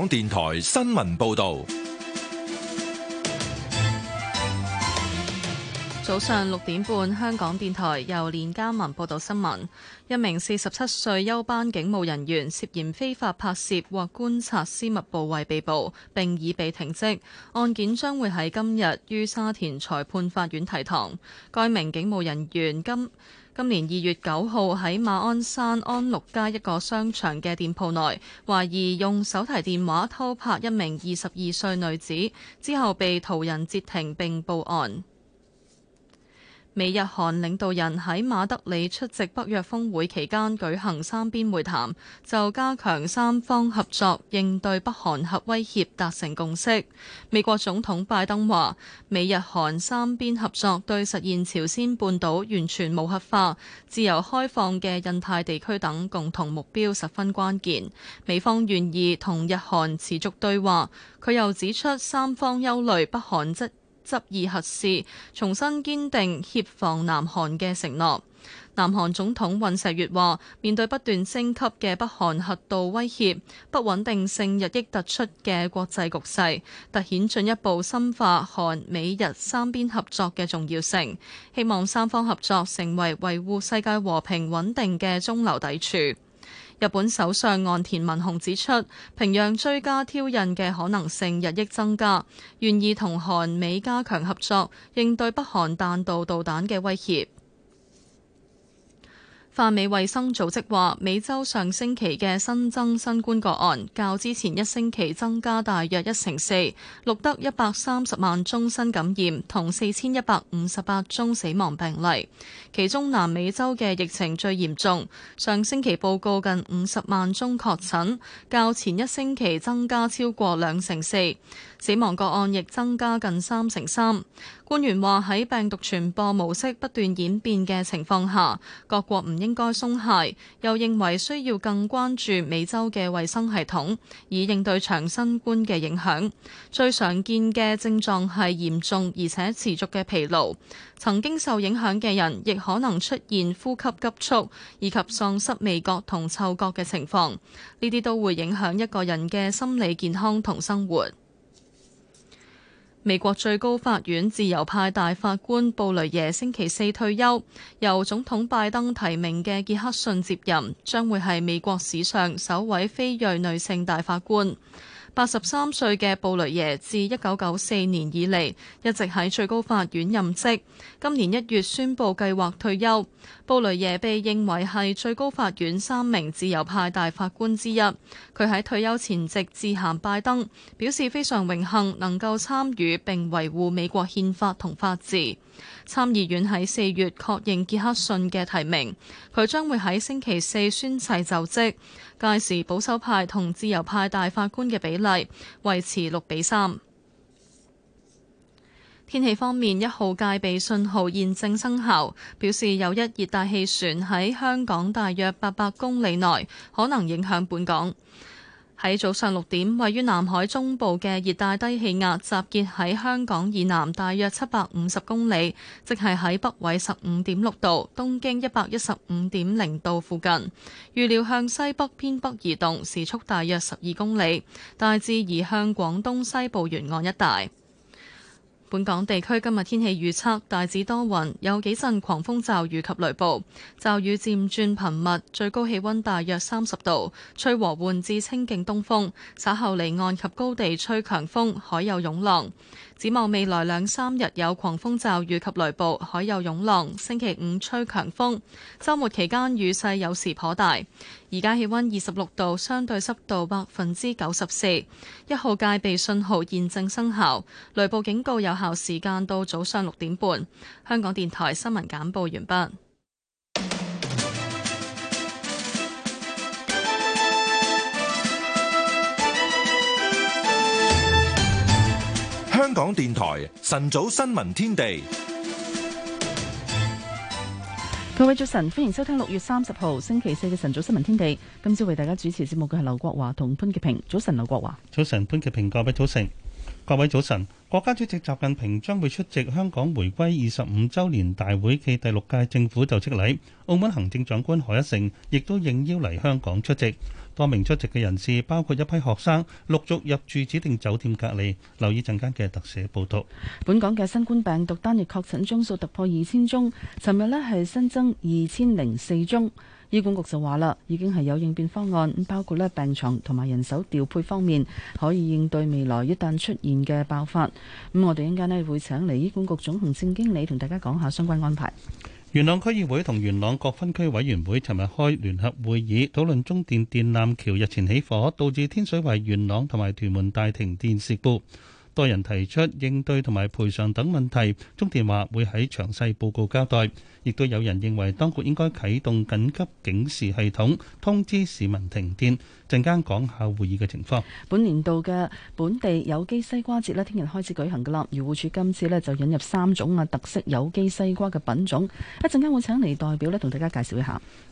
港電台新聞報道，早上六點半，香港電台由連家文報道新聞。一名四十七歲休班警務人員涉嫌非法拍攝或觀察私密部位被捕，並已被停職。案件將會喺今日於沙田裁判法院提堂。該名警務人員今。今年二月九號喺馬鞍山安陸街一個商場嘅店鋪內，懷疑用手提電話偷拍一名二十二歲女子，之後被途人截停並報案。美日韓領導人喺馬德里出席北約峰會期間舉行三邊會談，就加強三方合作應對北韓核威脅達成共識。美國總統拜登話：美日韓三邊合作對實現朝鮮半島完全無核化、自由開放嘅印太地區等共同目標十分關鍵。美方願意同日韓持續對話。佢又指出，三方憂慮北韓即執意核試，重新堅定協防南韓嘅承諾。南韓總統尹錫悦話：面對不斷升級嘅北韓核導威脅，不穩定性日益突出嘅國際局勢，突顯進一步深化韓美日三邊合作嘅重要性。希望三方合作成為維護世界和平穩定嘅中流砥柱。日本首相岸田文雄指出，平壤追加挑釁嘅可能性日益增加，願意同韓美加強合作，應對北韓彈道導彈嘅威脅。泛美衛生組織話，美洲上星期嘅新增新冠個案較之前一星期增加大約一成四，錄得一百三十萬宗新感染，同四千一百五十八宗死亡病例。其中南美洲嘅疫情最嚴重，上星期報告近五十萬宗確診，較前一星期增加超過兩成四。死亡個案亦增加近三成三。官員話喺病毒傳播模式不斷演變嘅情況下，各國唔應該鬆懈，又認為需要更關注美洲嘅衛生系統，以應對長新冠嘅影響。最常見嘅症狀係嚴重而且持續嘅疲勞。曾經受影響嘅人亦可能出現呼吸急促以及喪失味覺同嗅覺嘅情況，呢啲都會影響一個人嘅心理健康同生活。美國最高法院自由派大法官布雷耶星期四退休，由總統拜登提名嘅傑克遜接任，將會係美國史上首位非裔女性大法官。八十三歲嘅布雷耶自一九九四年以嚟一直喺最高法院任職，今年一月宣布計劃退休。布雷耶被認為係最高法院三名自由派大法官之一。佢喺退休前夕致函拜登，表示非常榮幸能夠參與並維護美國憲法同法治。參議院喺四月確認傑克遜嘅提名，佢將會喺星期四宣誓就職。屆時保守派同自由派大法官嘅比例維持六比三。天氣方面，一號戒備信號現正生效，表示有一熱帶氣旋喺香港大約八百公里內，可能影響本港。喺早上六點，位於南海中部嘅熱帶低氣壓集結喺香港以南大約七百五十公里，即係喺北緯十五點六度、東經一百一十五點零度附近。預料向西北偏北移動，時速大約十二公里，大致移向廣東西部沿岸一帶。本港地區今日天氣預測，大致多雲，有幾陣狂風、驟雨及雷暴，驟雨漸轉頻密，最高氣溫大約三十度，吹和緩至清勁東風，稍後離岸及高地吹強風，海有湧浪。展望未來兩三日有狂風、驟雨及雷暴，海有湧浪。星期五吹強風，週末期間雨勢有時頗大。而家氣溫二十六度，相對濕度百分之九十四。一號戒備信號現正生效，雷暴警告有效時間到早上六點半。香港電台新聞簡報完畢。香港電台晨早新聞天地，各位早晨，歡迎收聽六月三十號星期四嘅晨早新聞天地。今朝為大家主持節目嘅係劉國華同潘潔平。早晨，劉國華，早晨，潘潔平，各位早晨，各位早晨。國家主席習近平將會出席香港回歸二十五周年大會暨第六屆政府就職禮，澳門行政長官何一成亦都應邀嚟香港出席。多名出席嘅人士，包括一批學生，陸續入住指定酒店隔離，留意陣間嘅特寫報道。本港嘅新冠病毒單日確診宗數突破二千宗，尋日呢係新增二千零四宗。醫管局就話啦，已經係有應變方案，包括咧病床同埋人手調配方面，可以應對未來一旦出現嘅爆發，咁我哋陣間呢會請嚟醫管局總行政經理同大家講下相關安排。元朗區議會同元朗各分區委員會尋日開聯合會議，討論中電電纜橋日前起火，導致天水圍元朗同埋屯門大停電事故。多人提出應對同埋賠償等問題，中電話會喺詳細報告交代。亦都有人認為當局應該啟動緊急警示系統，通知市民停電。陣間講下會議嘅情況。本年度嘅本地有機西瓜節呢，聽日開始舉行噶啦。漁護署今次呢就引入三種啊特色有機西瓜嘅品種，一陣間會請嚟代表呢同大家介紹一下。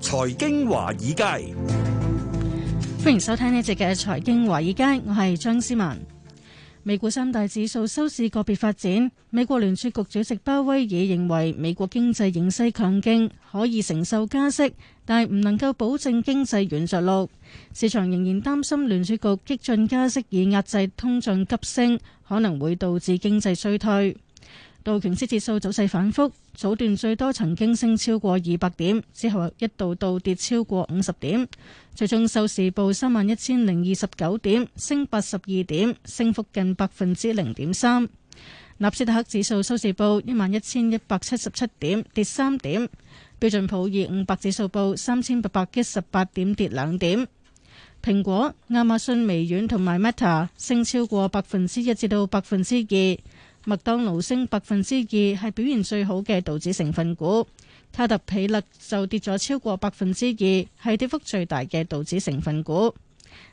財經華爾街，歡迎收聽呢集嘅財經華爾街。我係張思文。美股三大指數收市個別發展。美國聯儲局主席鮑威爾認為，美國經濟形勢強勁，可以承受加息，但係唔能夠保證經濟軟着陸。市場仍然擔心聯儲局激進加息以壓制通脹急升，可能會導致經濟衰退。道瓊斯指數走勢反覆，早段最多曾經升超過二百點，之後一度倒跌超過五十點，最終收市報三萬一千零二十九點，升八十二點，升幅近百分之零點三。納斯達克指數收市報一萬一千一百七十七點，跌三點。標準普爾五百指數報三千八百一十八點，跌兩點。蘋果、亞馬遜、微軟同埋 Meta 升超過百分之一至到百分之二。麥當勞升百分之二，係表現最好嘅道指成分股；卡特彼勒就跌咗超過百分之二，係跌幅最大嘅道指成分股。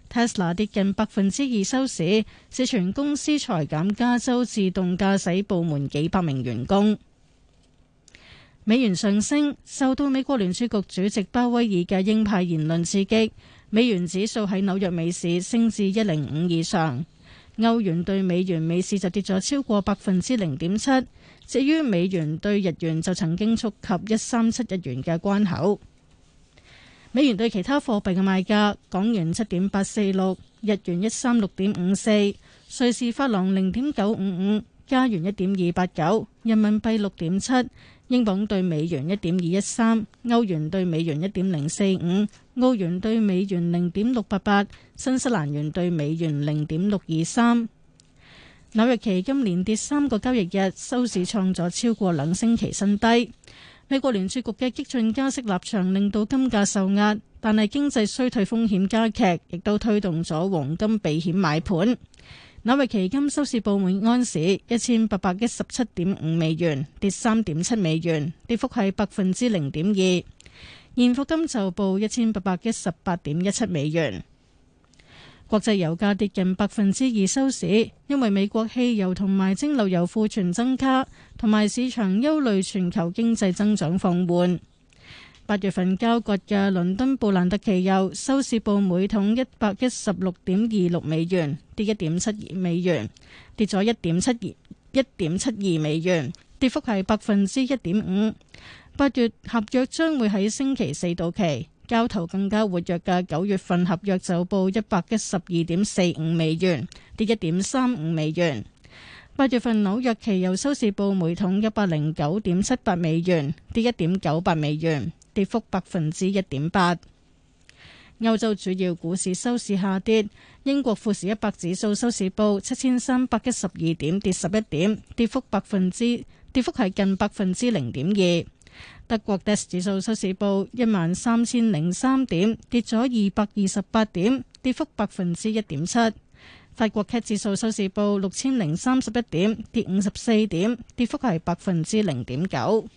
Tesla 跌近百分之二收市，是全公司裁減加州自動駕駛部門幾百名員工。美元上升，受到美國聯儲局主席鮑威爾嘅鷹派言論刺激，美元指數喺紐約美市升至一零五以上。歐元兌美元美市就跌咗超過百分之零點七，至於美元兌日元就曾經觸及一三七日元嘅關口。美元對其他貨幣嘅賣價：港元七點八四六，日元一三六點五四，瑞士法郎零點九五五，加元一點二八九，人民幣六點七。英鎊兌美元一點二一三，歐元兌美元一點零四五，澳元兌美元零點六八八，新西蘭元兌美元零點六二三。紐約期金連跌三個交易日，收市創咗超過兩星期新低。美國聯儲局嘅激進加息立場令到金價受壓，但係經濟衰退風險加劇，亦都推動咗黃金避險買盤。紐約期金收市報每盎司一千八百一十七點五美元，跌三點七美元，跌幅係百分之零點二。現貨金就報一千八百一十八點一七美元。國際油價跌近百分之二收市，因為美國汽油同埋蒸餾油庫存增加，同埋市場憂慮全球經濟增長放緩。八月份交割嘅倫敦布蘭特期油收市報每桶一百一十六點二六美元，跌一點七二美元，跌咗一點七二一點七二美元，跌幅係百分之一點五。八月合約將會喺星期四到期，交投更加活躍嘅九月份合約就報一百一十二點四五美元，跌一點三五美元。八月份紐約期油收市報每桶一百零九點七八美元，跌一點九八美元。跌幅百分之一點八。歐洲主要股市收市下跌，英國富時一百指數收市報七千三百一十二點，跌十一點，跌幅百分之跌幅係近百分之零點二。德國 DAX 指數收市報一萬三千零三點，跌咗二百二十八點，跌幅百分之一點七。法國 CAC 指數收市報六千零三十一點，跌五十四點，跌幅係百分之零點九。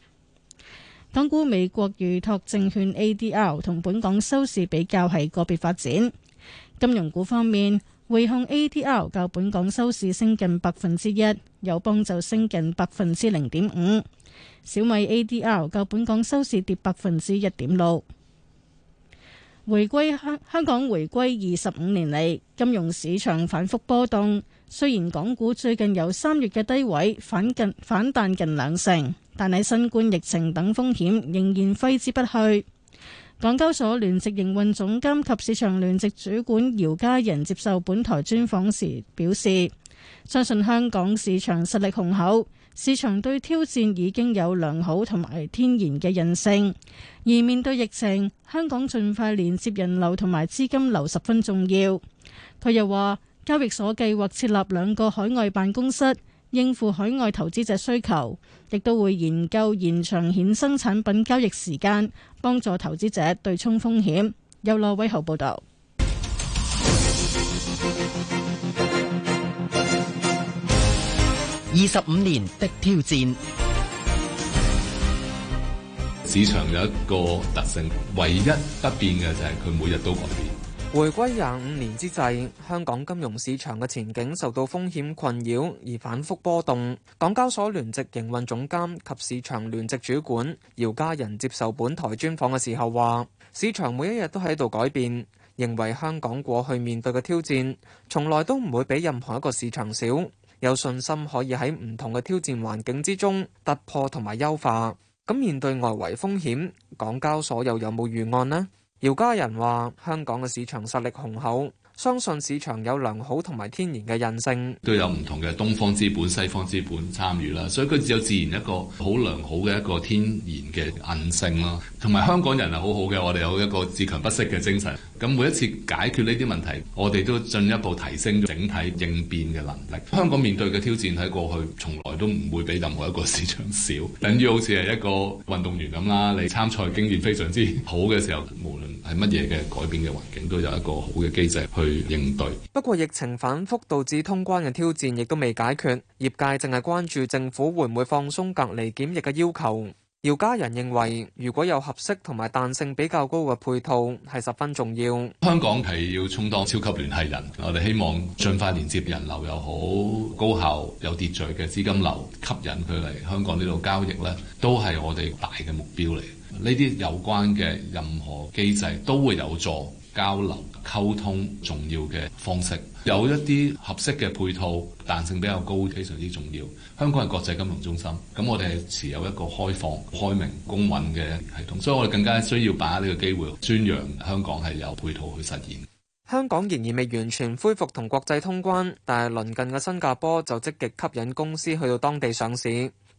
港股美國預託證券 ADR 同本港收市比較係個別發展。金融股方面，匯控 ADR 較本港收市升近百分之一，友邦就升近百分之零點五，小米 ADR 較本港收市跌百分之一點六。回歸香香港回歸二十五年嚟，金融市場反覆波動。雖然港股最近有三月嘅低位反近反彈近兩成。但喺新冠疫情等風險仍然揮之不去。港交所聯席營運總監及市場聯席主管姚嘉仁接受本台專訪時表示，相信香港市場實力雄厚，厚，市場對挑戰已經有良好同埋天然嘅韌性。而面對疫情，香港盡快連接人流同埋資金流十分重要。佢又話，交易所計劃設，設立兩個海外辦公室，應付海外投資者需求。亦都會研究延長衍生產品交易時間，幫助投資者對沖風險。邱諾威豪報道。二十五年的挑戰，市場有一個特性，唯一不變嘅就係佢每日都改變。回歸廿五年之際，香港金融市場嘅前景受到風險困擾而反復波動。港交所聯席營運總監及市場聯席主管姚家仁接受本台專訪嘅時候話，市場每一日都喺度改變，認為香港過去面對嘅挑戰從來都唔會比任何一個市場少，有信心可以喺唔同嘅挑戰環境之中突破同埋優化。咁面對外圍風險，港交所又有冇預案呢？姚家人話：香港嘅市場實力雄厚。相信市場有良好同埋天然嘅韌性，都有唔同嘅東方資本、西方資本參與啦，所以佢只有自然一個好良好嘅一個天然嘅韌性咯。同埋香港人係好好嘅，我哋有一個自強不息嘅精神。咁每一次解決呢啲問題，我哋都進一步提升整體應變嘅能力。香港面對嘅挑戰喺過去從來都唔會比任何一個市場少，等於好似係一個運動員咁啦。你參賽經驗非常之好嘅時候，無論係乜嘢嘅改變嘅環境，都有一個好嘅機制去。去應對。不過疫情反覆導致通關嘅挑戰亦都未解決，業界淨係關注政府會唔會放鬆隔離檢疫嘅要求。姚家人認為，如果有合適同埋彈性比較高嘅配套，係十分重要。香港係要充當超級聯繫人，我哋希望盡快連接人流又好，高效有秩序嘅資金流，吸引佢嚟香港呢度交易，呢都係我哋大嘅目標嚟。呢啲有關嘅任何機制都會有助交流。溝通重要嘅方式，有一啲合適嘅配套彈性比較高，非常之重要。香港係國際金融中心，咁我哋係持有一個開放、開明、公允嘅系統，所以我哋更加需要把握呢個機會宣揚香港係有配套去實現。香港仍然未完全恢復同國際通關，但係鄰近嘅新加坡就積極吸引公司去到當地上市。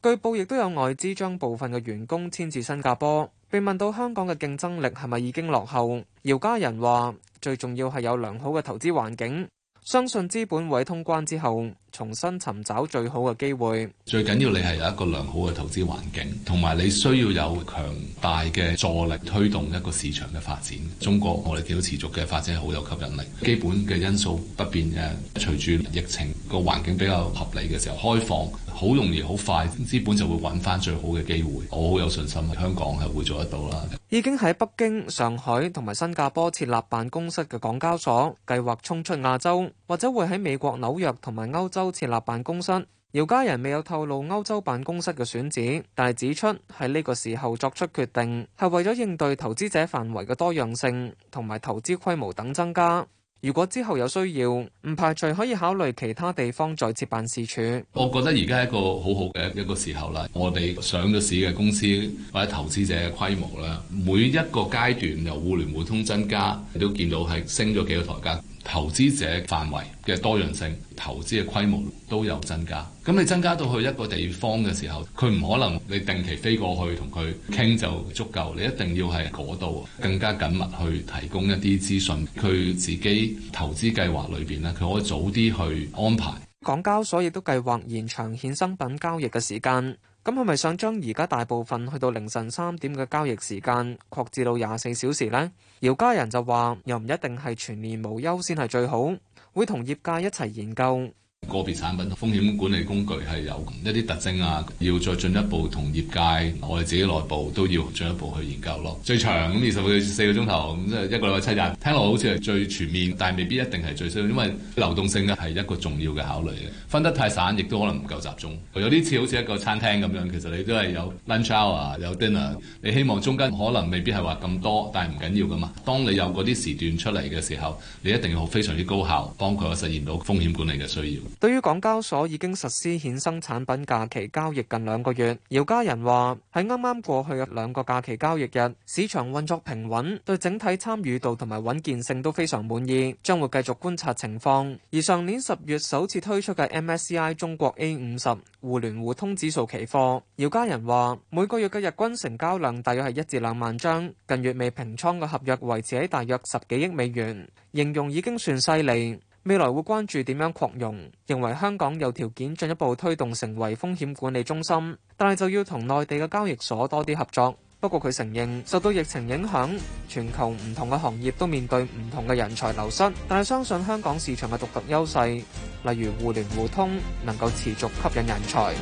據報亦都有外資將部分嘅員工遷至新加坡。被問到香港嘅競爭力係咪已經落後？姚家仁話：最重要係有良好嘅投資環境，相信資本委通關之後，重新尋找最好嘅機會，最緊要你係有一個良好嘅投資環境，同埋你需要有強大嘅助力推動一個市場嘅發展。中國我哋見到持續嘅發展好有吸引力，基本嘅因素不變誒，隨住疫情個環境比較合理嘅時候開放，好容易好快資本就會揾翻最好嘅機會，我好有信心，香港係會做得到啦。已經喺北京、上海同埋新加坡設立辦公室嘅港交所，計劃衝出亞洲。或者會喺美國紐約同埋歐洲設立辦公室。姚家人未有透露歐洲辦公室嘅選址，但係指出喺呢個時候作出決定，係為咗應對投資者範圍嘅多樣性同埋投資規模等增加。如果之後有需要，唔排除可以考慮其他地方再設辦事處。我覺得而家係一個好好嘅一個時候啦。我哋上咗市嘅公司或者投資者嘅規模啦，每一個階段由互聯互通增加，都見到係升咗幾個台階。投資者範圍嘅多樣性、投資嘅規模都有增加。咁你增加到去一個地方嘅時候，佢唔可能你定期飛過去同佢傾就足夠。你一定要喺嗰度更加緊密去提供一啲資訊，佢自己投資計劃裏邊呢，佢可以早啲去安排。港交所亦都計劃延長衍生品交易嘅時間。咁係咪想將而家大部分去到凌晨三點嘅交易時間擴至到廿四小時呢？姚家人就話，又唔一定係全年無休先係最好，會同業界一齊研究。個別產品同風險管理工具係有一啲特徵啊，要再進一步同業界，我哋自己內部都要進一步去研究咯，啊。最長咁二十四個鐘頭，即係一個禮拜七日，聽落好似係最全面，但係未必一定係最需要，因為流動性啊係一個重要嘅考慮嘅。分得太散，亦都可能唔夠集中。有啲似好似一個餐廳咁樣，其實你都係有 lunch hour 有 dinner，你希望中間可能未必係話咁多，但係唔緊要噶嘛。當你有嗰啲時段出嚟嘅時候，你一定要非常之高效，幫佢實現到風險管理嘅需要。對於港交所已經實施衍生產品假期交易近兩個月，姚家人話喺啱啱過去嘅兩個假期交易日，市場運作平穩，對整體參與度同埋穩健性都非常滿意，將會繼續觀察情況。而上年十月首次推出嘅 MSCI 中國 A 五十互聯互通指數期貨，姚家人話每個月嘅日均成交量大約係一至兩萬張，近月未平倉嘅合約維持喺大約十幾億美元，形容已經算犀利。未來會關注點樣擴容，認為香港有條件進一步推動成為風險管理中心，但係就要同內地嘅交易所多啲合作。不過佢承認受到疫情影響，全球唔同嘅行業都面對唔同嘅人才流失，但係相信香港市場嘅獨特優勢，例如互聯互通，能夠持續吸引人才。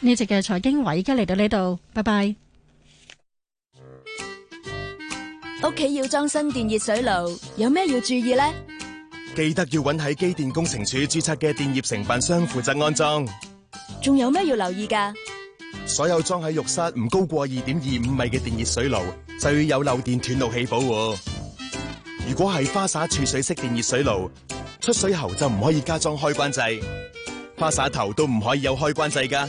呢節嘅財經話而家嚟到呢度，拜拜。屋企要裝新電熱水爐，有咩要注意呢？記得要搵喺機電工程署註冊嘅電業承辦商負責安裝。仲有咩要留意噶？所有裝喺浴室唔高過二點二五米嘅電熱水爐，就要有漏電斷路器保護。如果係花灑儲水式電熱水爐，出水喉就唔可以加裝開關掣，花灑頭都唔可以有開關掣噶。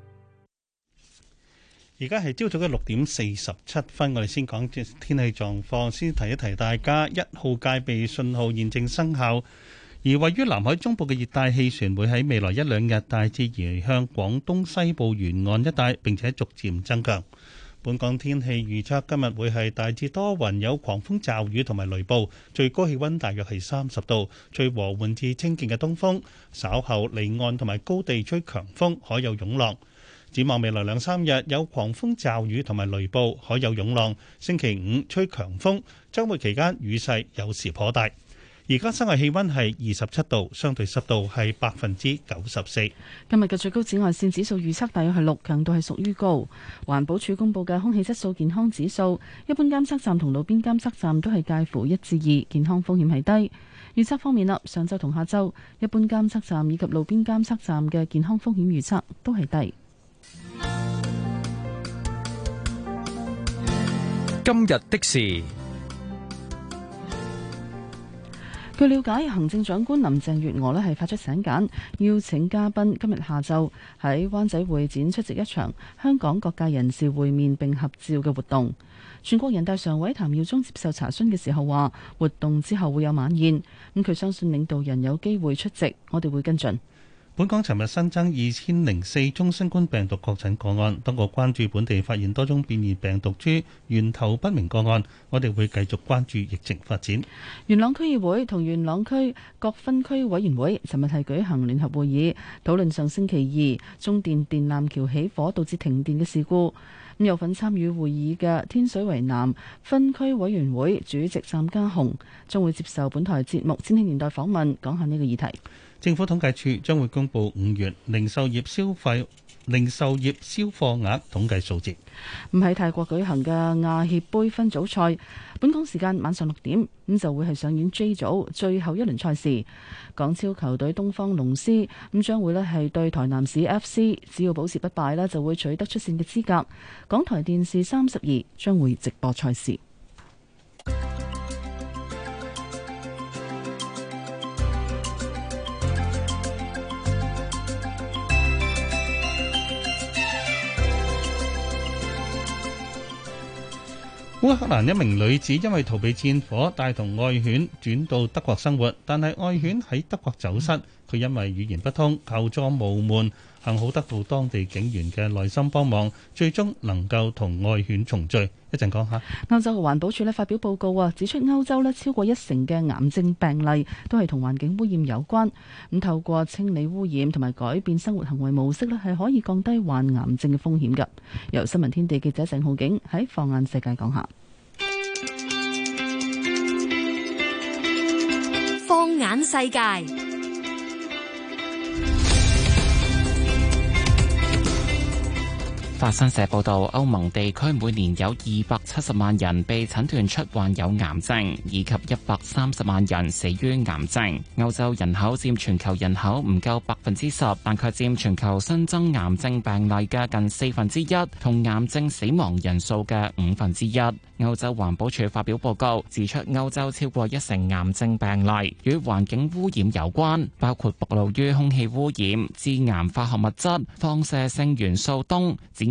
而家係朝早嘅六點四十七分，我哋先講天天氣狀況。先提一提大家，一號戒備信號現正生效。而位於南海中部嘅熱帶氣旋會喺未來一兩日大致移向廣東西部沿岸一帶，並且逐漸增強。本港天氣預測今日會係大致多雲，有狂風驟雨同埋雷暴，最高氣溫大約係三十度，隨和緩至清勁嘅東風。稍後離岸同埋高地吹強風，海有湧浪。展望未來兩三日有狂風、驟雨同埋雷暴，海有湧浪。星期五吹強風，周末期間雨勢有時頗大。而家室外氣温係二十七度，相對濕度係百分之九十四。今日嘅最高紫外線指數預測大約係六，強度係屬於高。環保署公佈嘅空氣質素健康指數，一般監測站同路邊監測站都係介乎一至二，健康風險係低。預測方面啦，上週同下週一般監測站以及路邊監測站嘅健康風險預測都係低。今日的事，據了解，行政長官林鄭月娥呢，係發出請柬，邀請嘉賓今日下晝喺灣仔會展出席一場香港各界人士會面并合照嘅活動。全國人大常委譚耀宗接受查詢嘅時候話，活動之後會有晚宴，咁佢相信領導人有機會出席，我哋會跟進。本港尋日新增二千零四宗新冠病毒確診個案，多個關注本地發現多宗變異病毒株源頭不明個案，我哋會繼續關注疫情發展。元朗區議會同元朗區各分區委員會尋日係舉行聯合會議，討論上星期二中電電纜橋起火導致停電嘅事故。咁有份參與會議嘅天水圍南分區委員會主席湛家雄，將會接受本台節目《千禧年代》訪問，講下呢個議題。政府統計處將會公布五月零售業消費零售業銷貨額統計數字。唔喺泰國舉行嘅亞協杯分組賽，本港時間晚上六點咁就會係上演 G 組最後一輪賽事。港超球隊東方龍獅咁將會咧係對台南市 F C，只要保持不敗咧就會取得出線嘅資格。港台電視三十二將會直播賽事。烏克蘭一名女子因為逃避戰火，帶同愛犬轉到德國生活，但係愛犬喺德國走失，佢因為語言不通，求助無門。幸好得到當地警員嘅耐心幫忙，最終能夠同愛犬重聚。一陣講下。歐洲嘅環保署咧發表報告啊，指出歐洲咧超過一成嘅癌症病例都係同環境污染有關。咁透過清理污染同埋改變生活行為模式咧，係可以降低患癌症嘅風險㗎。由新聞天地記者鄭浩景喺放眼世界講下。放眼世界。法新社報道，歐盟地區每年有二百七十萬人被診斷出患有癌症，以及一百三十萬人死於癌症。歐洲人口佔全球人口唔夠百分之十，但卻佔全球新增癌症病例嘅近四分之一，同癌症死亡人數嘅五分之一。歐洲環保署發表報告，指出歐洲超過一成癌症病例與環境污染有關，包括暴露於空氣污染、致癌化學物質、放射性元素氡。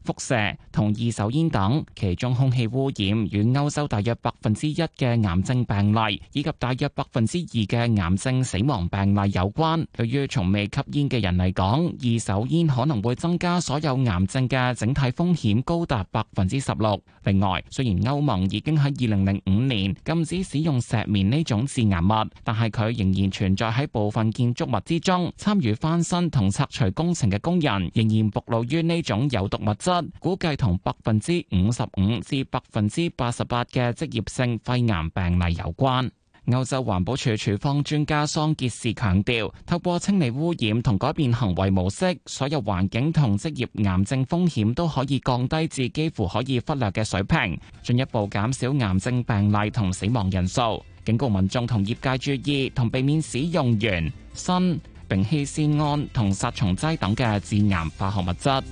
輻射同二手煙等，其中空氣污染與歐洲大約百分之一嘅癌症病例，以及大約百分之二嘅癌症死亡病例有關。對於從未吸煙嘅人嚟講，二手煙可能會增加所有癌症嘅整體風險高達百分之十六。另外，雖然歐盟已經喺二零零五年禁止使用石棉呢種致癌物，但係佢仍然存在喺部分建築物之中。參與翻新同拆除工程嘅工人仍然暴露於呢種有毒物質。估計同百分之五十五至百分之八十八嘅職業性肺癌病例有關。歐洲環保署署方專家桑杰士強調，透過清理污染同改變行為模式，所有環境同職業癌症風險都可以降低至幾乎可以忽略嘅水平，進一步減少癌症病例同死亡人數。警告民眾同業界注意同避免使用原新，丙烯酰胺同殺蟲劑等嘅致癌化學物質。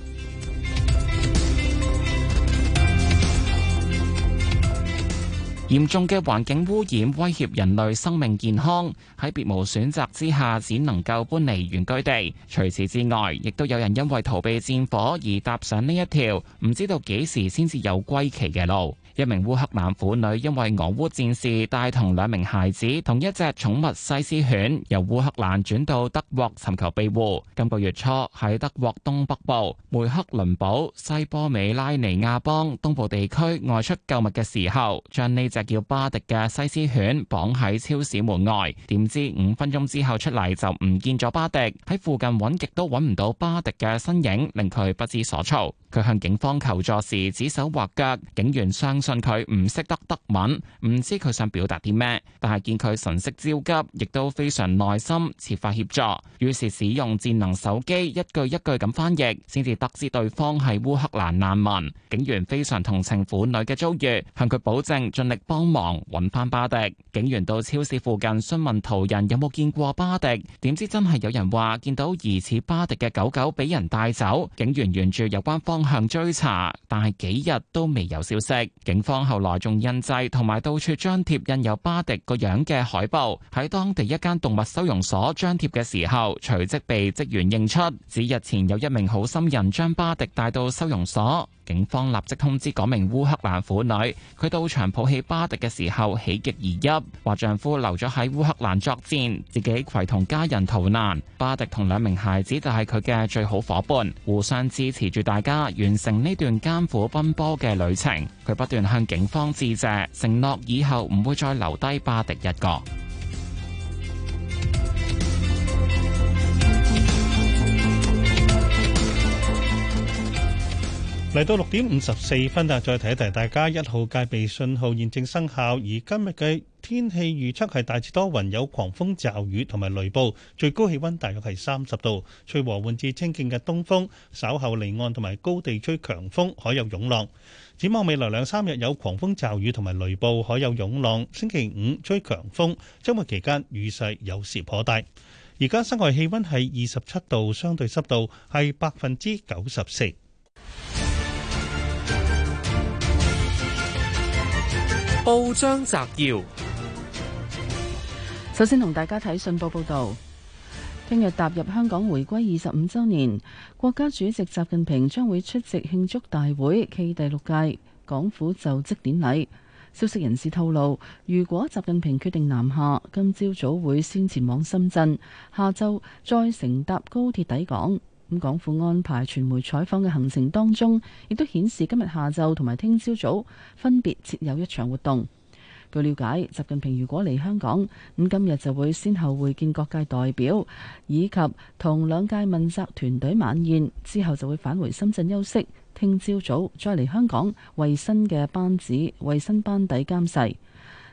嚴 重嘅環境污染威脅人類生命健康，喺別無選擇之下，只能夠搬離原居地。除此之外，亦都有人因為逃避戰火而踏上呢一條唔知道幾時先至有歸期嘅路。一名烏克蘭婦女因為俄烏戰事，帶同兩名孩子同一隻寵物西施犬，由烏克蘭轉到德國尋求庇護。今個月初喺德國東北部梅克倫堡西波美拉尼亞邦東部地區外出購物嘅時候，將呢隻叫巴迪嘅西施犬綁喺超市門外，點知五分鐘之後出嚟就唔見咗巴迪，喺附近揾極都揾唔到巴迪嘅身影，令佢不知所措。佢向警方求助時指手畫腳，警員相信。信佢唔識得德文，唔知佢想表達啲咩，但係見佢神色焦急，亦都非常耐心，設法協助。於是使用智能手機，一句一句咁翻譯，先至得知對方係烏克蘭難民。警員非常同情婦女嘅遭遇，向佢保證盡力幫忙揾返巴迪。警員到超市附近詢問途人有冇見過巴迪，點知真係有人話見到疑似巴迪嘅狗狗俾人帶走。警員沿住有關方向追查，但係幾日都未有消息。警方後來仲印製同埋到處張貼印有巴迪個樣嘅海報，喺當地一間動物收容所張貼嘅時候，隨即被職員認出，指出，指日前有一名好心人將巴迪帶到收容所。警方立即通知嗰名烏克蘭婦女，佢到場抱起巴迪嘅時候喜極而泣，話丈夫留咗喺烏克蘭作戰，自己攜同家人逃難。巴迪同兩名孩子就係佢嘅最好夥伴，互相支持住大家完成呢段艱苦奔波嘅旅程。佢不斷向警方致謝，承諾以後唔會再留低巴迪一個。嚟到六點五十四分，啊！再提一提大家一號戒備信號現正生效。而今日嘅天氣預測係大致多雲，有狂風驟雨同埋雷暴，最高氣溫大約係三十度。隨和緩至清勁嘅東風稍後離岸，同埋高地吹強風，海有湧浪。展望未來兩三日有狂風驟雨同埋雷暴，海有湧浪。星期五吹強風，週末期間雨勢有時頗大。而家室外氣溫係二十七度，相對濕度係百分之九十四。報章摘要，首先同大家睇信報報道。聽日踏入香港回歸二十五周年，國家主席習近平將會出席慶祝大會暨第六屆港府就職典禮。消息人士透露，如果習近平決定南下，今朝早，早會先前往深圳，下晝再乘搭高鐵抵港。咁港府安排傳媒採訪嘅行程當中，亦都顯示今日下晝同埋聽朝早分別設有一場活動。據了解，習近平如果嚟香港，咁今日就會先後會見各界代表，以及同兩屆問責團隊晚宴，之後就會返回深圳休息。聽朝早再嚟香港，為新嘅班子，為新班底監誓。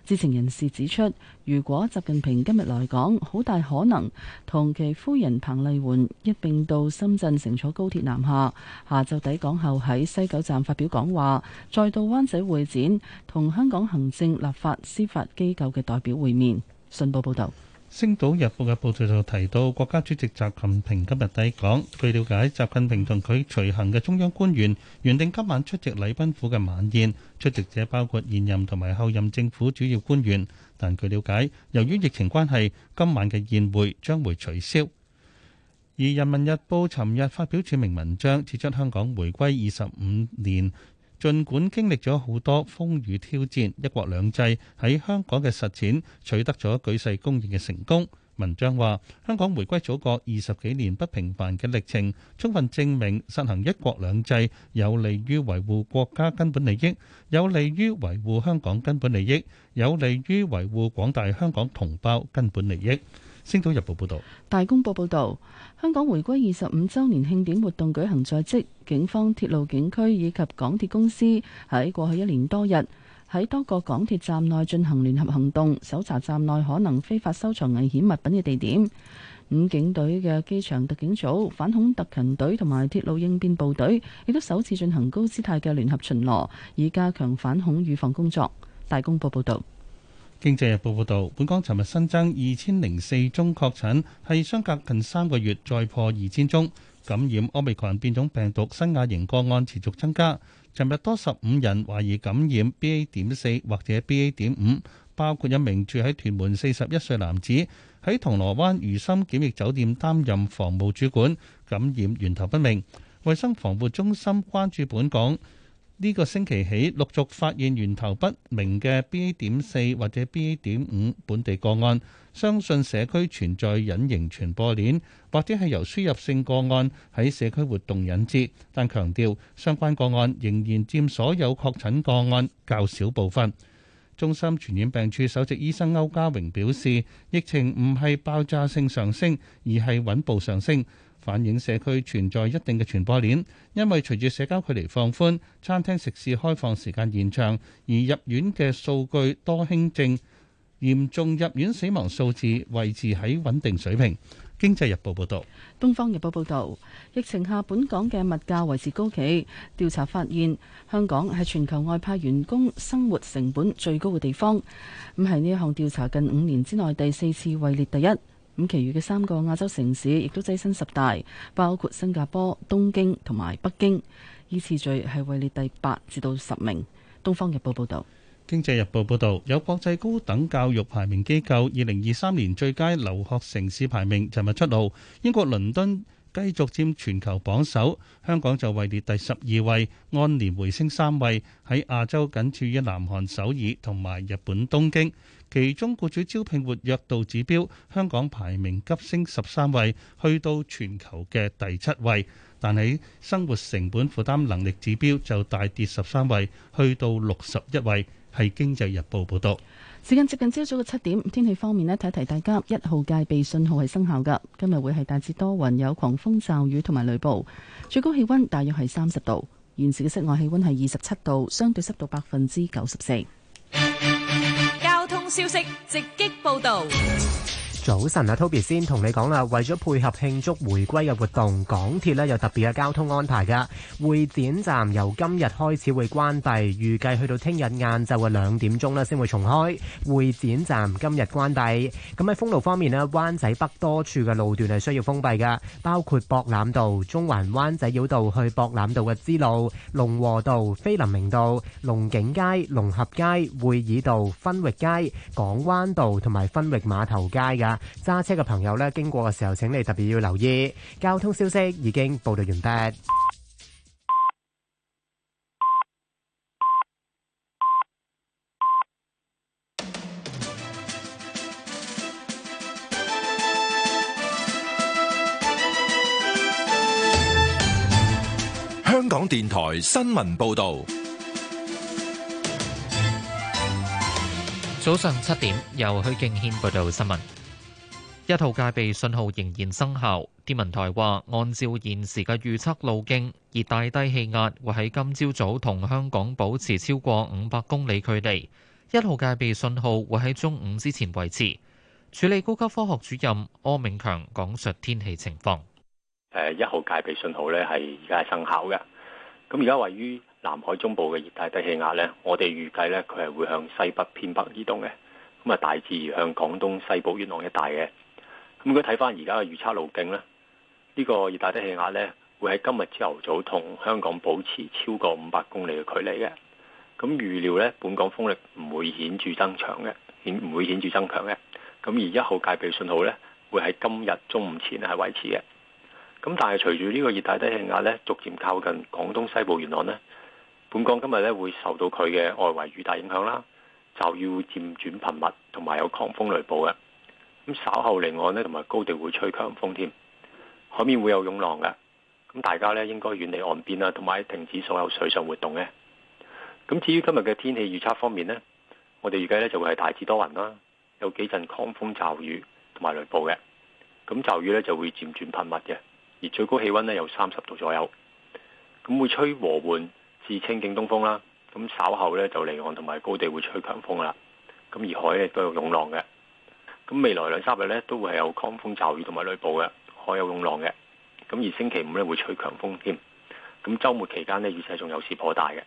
知情人士指出，如果習近平今日來港，好大可能同其夫人彭麗媛一併到深圳乘坐高鐵南下，下晝抵港後喺西九站發表講話，再到灣仔會展同香港行政、立法、司法機構嘅代表會面。《信報》報道。《星島日報》嘅報道就提到，國家主席習近平今日抵港。據瞭解，習近平同佢隨行嘅中央官員原定今晚出席禮賓府嘅晚宴，出席者包括現任同埋後任政府主要官員。但據瞭解，由於疫情關係，今晚嘅宴會將會取消。而《人民日報》尋日發表署名文章，指出香港回歸二十五年。儘管經歷咗好多風雨挑戰，一國兩制喺香港嘅實踐取得咗舉世公認嘅成功。文章話：香港回歸祖國二十幾年不平凡嘅歷程，充分證明實行一國兩制有利於維護國家根本利益，有利於維護香港根本利益，有利於維護廣大香港同胞根本利益。星島日報報道，大公報報道。香港回歸二十五周年慶典活動舉行在即，警方、鐵路警區以及港鐵公司喺過去一年多日喺多個港鐵站內進行聯合行動，搜查站內可能非法收藏危險物品嘅地點。五警隊嘅機場特警組、反恐特勤隊同埋鐵路應變部隊亦都首次進行高姿態嘅聯合巡邏，以加強反恐預防工作。大公報報道。經濟日報報道，本港尋日新增二千零四宗確診，係相隔近三個月再破二千宗感染，奧密克戎變種病毒新亞型個案持續增加。尋日多十五人懷疑感染 BA. 點四或者 BA. 點五，包括一名住喺屯門四十一歲男子，喺銅鑼灣如心檢疫酒店擔任房務主管，感染源頭不明。衛生防護中心關注本港。呢個星期起陸續發現源頭不明嘅 BA 點四或者 BA 點五本地個案，相信社區存在隱形傳播鏈，或者係由輸入性個案喺社區活動引致。但強調相關個案仍然佔所有確診個案較少部分。中心傳染病處首席醫生歐家榮表示，疫情唔係爆炸性上升，而係穩步上升。反映社區存在一定嘅傳播鏈，因為隨住社交距離放寬，餐廳食肆開放時間延長，而入院嘅數據多輕症，嚴重入院死亡數字維持喺穩定水平。經濟日報報道，東方日報報道，疫情下本港嘅物價維持高企。調查發現，香港係全球外派員工生活成本最高嘅地方，唔係呢一項調查近五年之內第四次位列第一。咁，其餘嘅三個亞洲城市亦都躋身十大，包括新加坡、東京同埋北京，依次序係位列第八至到十名。《東方日報》報道。《經濟日報》報道，有國際高等教育排名機構二零二三年最佳留學城市排名，尋日出爐。英國倫敦繼續佔全球榜首，香港就位列第十二位，按年回升三位，喺亞洲僅次於南韓首爾同埋日本東京。其中僱主招聘活躍度指標，香港排名急升十三位，去到全球嘅第七位。但喺生活成本負擔能力指標就大跌十三位，去到六十一位。係經濟日報報道。時間接近朝早嘅七點，天氣方面呢，提一提大家，一號戒備信號係生效噶今日會係大致多雲有狂風驟雨同埋雷暴。最高氣温大約係三十度，現時嘅室外氣温係二十七度，相對濕度百分之九十四。消息直擊報導。早晨啊，Toby 先同你講啦，為咗配合慶祝回歸嘅活動，港鐵咧有特別嘅交通安排㗎。會展站由今日開始會關閉，預計去到聽日晏晝嘅兩點鐘咧先會重開。會展站今日關閉。咁喺封路方面咧，灣仔北多處嘅路段係需要封閉㗎，包括博覽道、中環灣仔繞道去博覽道嘅支路、龍和道、菲林明道、龍景街、龍合街、會議道、分域街、港灣道同埋分域碼頭街㗎。揸車嘅朋友咧，經過嘅時候，請你特別要留意交通消息。已經報道完畢。香港電台新聞報道，早上七點，由許敬軒報道新聞。一號戒備信號仍然生效。天文台話，按照現時嘅預測路徑，熱帶低氣壓會喺今朝早同香港保持超過五百公里距離。一號戒備信號會喺中午之前維持。處理高級科學主任柯明強講述天氣情況。誒，一號戒備信號呢係而家係生效嘅。咁而家位於南海中部嘅熱帶低氣壓呢，我哋預計呢，佢係會向西北偏北移動嘅。咁啊，大致向廣東西部沿岸一帶嘅。應該睇翻而家嘅預測路徑呢，呢個熱帶低氣壓呢，會喺今日朝頭早同香港保持超過五百公里嘅距離嘅。咁預料呢，本港風力唔會顯著增強嘅，顯唔會顯著增強嘅。咁而一號戒備信號呢，會喺今日中午前係維持嘅。咁但係隨住呢個熱帶低氣壓呢，逐漸靠近廣東西部沿岸呢，本港今日呢會受到佢嘅外圍雨帶影響啦，就要漸轉頻密同埋有，有狂風雷暴嘅。咁稍後離岸呢，同埋高地會吹強風添，海面會有湧浪嘅。咁大家呢應該遠離岸邊啦，同埋停止所有水上活動嘅。咁至於今日嘅天氣預測方面呢，我哋預計呢就會係大致多雲啦，有幾陣狂風驟雨同埋雷暴嘅。咁驟雨呢就會漸轉頻密嘅，而最高氣溫呢有三十度左右。咁會吹和緩至清勁東風啦。咁稍後呢，就離岸同埋高地會吹強風啦。咁而海呢，都有湧浪嘅。咁未來兩三日呢，都會係有狂風驟雨同埋雷暴嘅，可有湧浪嘅。咁而星期五呢會吹強風添。咁週末期間呢，雨勢仲有時頗大嘅。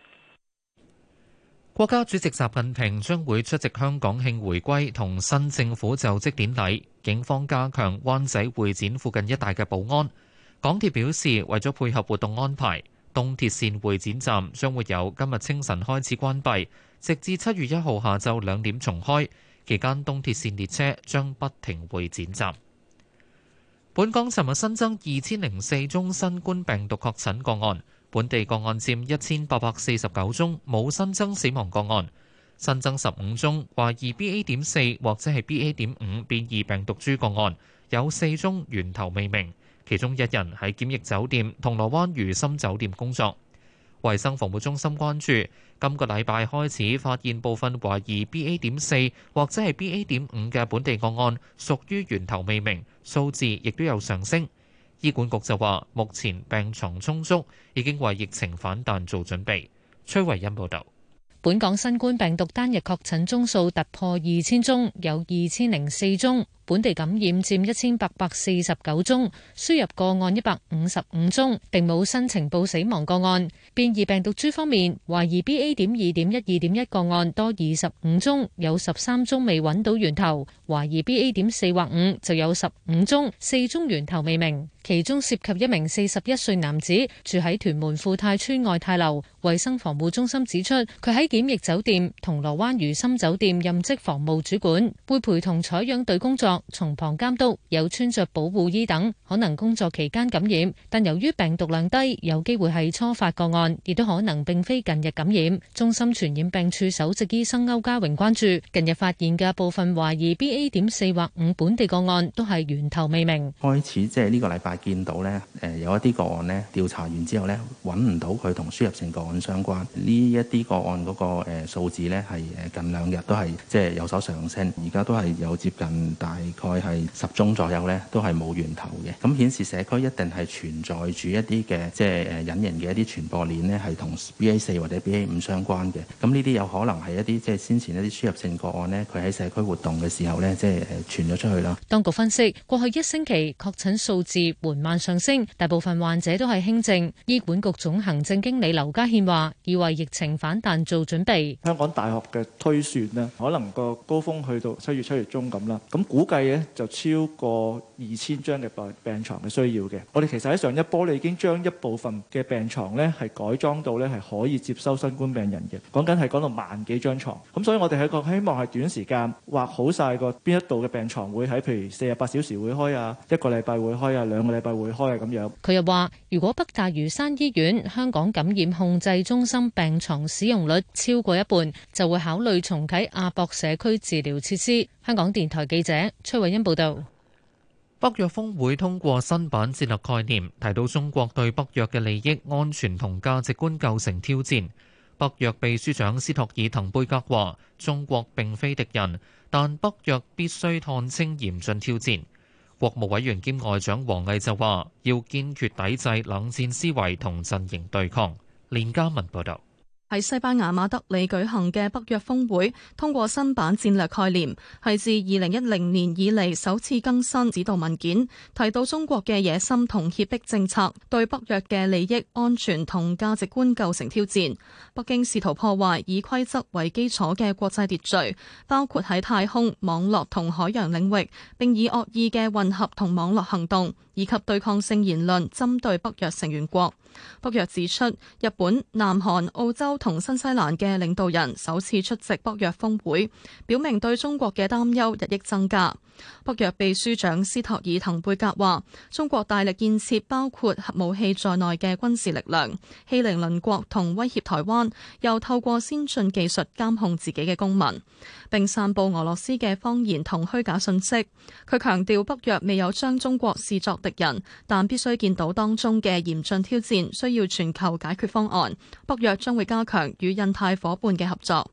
國家主席習近平將會出席香港慶回歸同新政府就職典禮。警方加強灣仔會展附近一帶嘅保安。港鐵表示，為咗配合活動安排，東鐵線會展站將會由今日清晨開始關閉，直至七月一號下晝兩點重開。期間，東鐵線列車將不停會展站。本港尋日新增二千零四宗新冠病毒確診個案，本地個案佔一千八百四十九宗，冇新增死亡個案，新增十五宗懷疑 B A 點四或者係 B A 點五變異病毒株個案，有四宗源頭未明，其中一人喺檢疫酒店銅鑼灣如心酒店工作。衛生防護中心關注今、這個禮拜開始發現部分懷疑 B A. 點四或者係 B A. 點五嘅本地個案，案，屬於源頭未明，數字亦都有上升。醫管局就話，目前病床充足，已經為疫情反彈做準備。崔維恩報道，本港新冠病毒單日確診宗數突破二千宗，有二千零四宗。本地感染佔一千八百四十九宗，輸入個案一百五十五宗，並冇新情報死亡個案。變異病毒株方面，懷疑 B A. 點二點一二點一個案多二十五宗，有十三宗未搵到源頭；懷疑 B A. 點四或五就有十五宗，四宗源頭未明。其中涉及一名四十一歲男子，住喺屯門富泰村外太樓。衛生防護中心指出，佢喺檢疫酒店銅鑼灣如心酒店任職防務主管，會陪同採樣隊工作。從旁監督，有穿着保護衣等，可能工作期間感染，但由於病毒量低，有機會係初發個案，亦都可能並非近日感染。中心傳染病處首席醫生歐家榮關注，近日發現嘅部分懷疑 BA. 點四或五本地個案，都係源頭未明。開始即係呢個禮拜見到呢，誒有一啲個案呢調查完之後呢，揾唔到佢同輸入性個案相關，呢一啲個案嗰個誒數字呢，係誒近兩日都係即係有所上升，而家都係有接近大，概係十宗左右呢，都係冇源頭嘅。咁顯示社區一定係存在住一啲嘅，即係隱形嘅一啲傳播鏈呢，係同 BA 四或者 BA 五相關嘅。咁呢啲有可能係一啲即係先前一啲輸入性個案呢佢喺社區活動嘅時候呢，即係傳咗出去啦。當局分析過去一星期確診數字緩慢上升，大部分患者都係輕症。醫管局總行政經理劉家獻話，以為疫情反彈做準備。香港大學嘅推算呢，可能個高峰去到七月、七月中咁啦。咁估。計咧就超過二千張嘅病病牀嘅需要嘅。我哋其實喺上一波，你已經將一部分嘅病床咧係改裝到咧係可以接收新冠病人嘅。講緊係講到萬幾張床咁，所以我哋喺個希望係短時間劃好晒個邊一度嘅病床。會喺譬如四十八小時會開啊，一個禮拜會開啊，兩個禮拜會開啊咁樣。佢又話，如果北大嶼山醫院香港感染控制中心病床使用率超過一半，就會考慮重啟亞博社區治療設施。香港電台記者。崔偉欣報道，北約峰會通過新版戰略概念，提到中國對北約嘅利益、安全同價值觀構成挑戰。北約秘書長斯托爾滕貝格話，中國並非敵人，但北約必須探清嚴峻挑戰。國務委員兼外長王毅就話，要堅決抵制冷戰思維同陣營對抗。連家文報道。喺西班牙馬德里舉行嘅北約峰會通過新版戰略概念，係自二零一零年以來首次更新指導文件，提到中國嘅野心同脅迫政策對北約嘅利益、安全同價值觀構成挑戰。北京試圖破壞以規則為基礎嘅國際秩序，包括喺太空、網絡同海洋領域，並以惡意嘅混合同網絡行動以及對抗性言論針對北約成員國。北約指出，日本、南韓、澳洲同新西蘭嘅領導人首次出席北約峰會，表明對中國嘅擔憂日益增加。北約秘書長斯托爾滕貝格話，中國大力建設包括核武器在內嘅軍事力量，欺凌鄰國同威脅台灣，又透過先進技術監控自己嘅公民，並散布俄羅斯嘅謊言同虛假信息。佢強調，北約未有將中國視作敵人，但必須見到當中嘅嚴峻挑戰。需要全球解決方案。北約將會加強與印太夥伴嘅合作。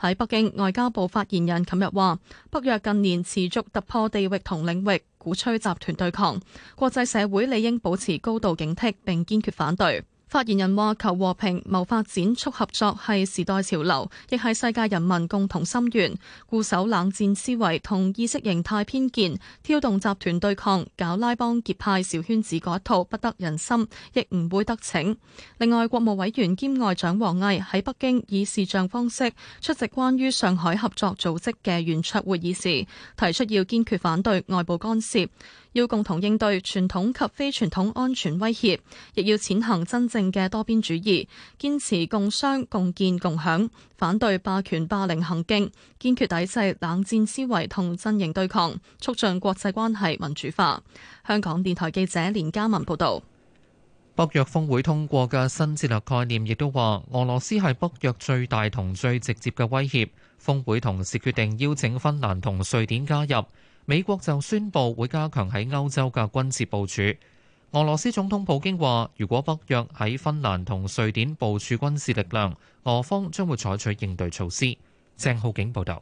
喺北京，外交部發言人琴日話，北約近年持續突破地域同領域，鼓吹集團對抗，國際社會理應保持高度警惕，並堅決反對。發言人話：求和平、謀發展、促合作係時代潮流，亦係世界人民共同心願。固守冷戰思維同意識形態偏見，挑動集團對抗、搞拉幫結派、小圈子嗰套，不得人心，亦唔會得逞。另外，國務委員兼外長王毅喺北京以視像方式出席關於上海合作組織嘅圓桌會議時，提出要堅決反對外部干涉。要共同應對傳統及非傳統安全威脅，亦要踐行真正嘅多邊主義，堅持共商共建共享，反對霸權霸凌行徑，堅決抵制冷戰思維同陣營對抗，促進國際關係民主化。香港電台記者連嘉文報道。北約峰會通過嘅新戰略概念亦都話，俄羅斯係北約最大同最直接嘅威脅。峰會同時決定邀請芬蘭同瑞典加入。美國就宣布會加強喺歐洲嘅軍事部署。俄羅斯總統普京話，如果北約喺芬蘭同瑞典部署軍事力量，俄方將會採取應對措施。鄭浩景報道。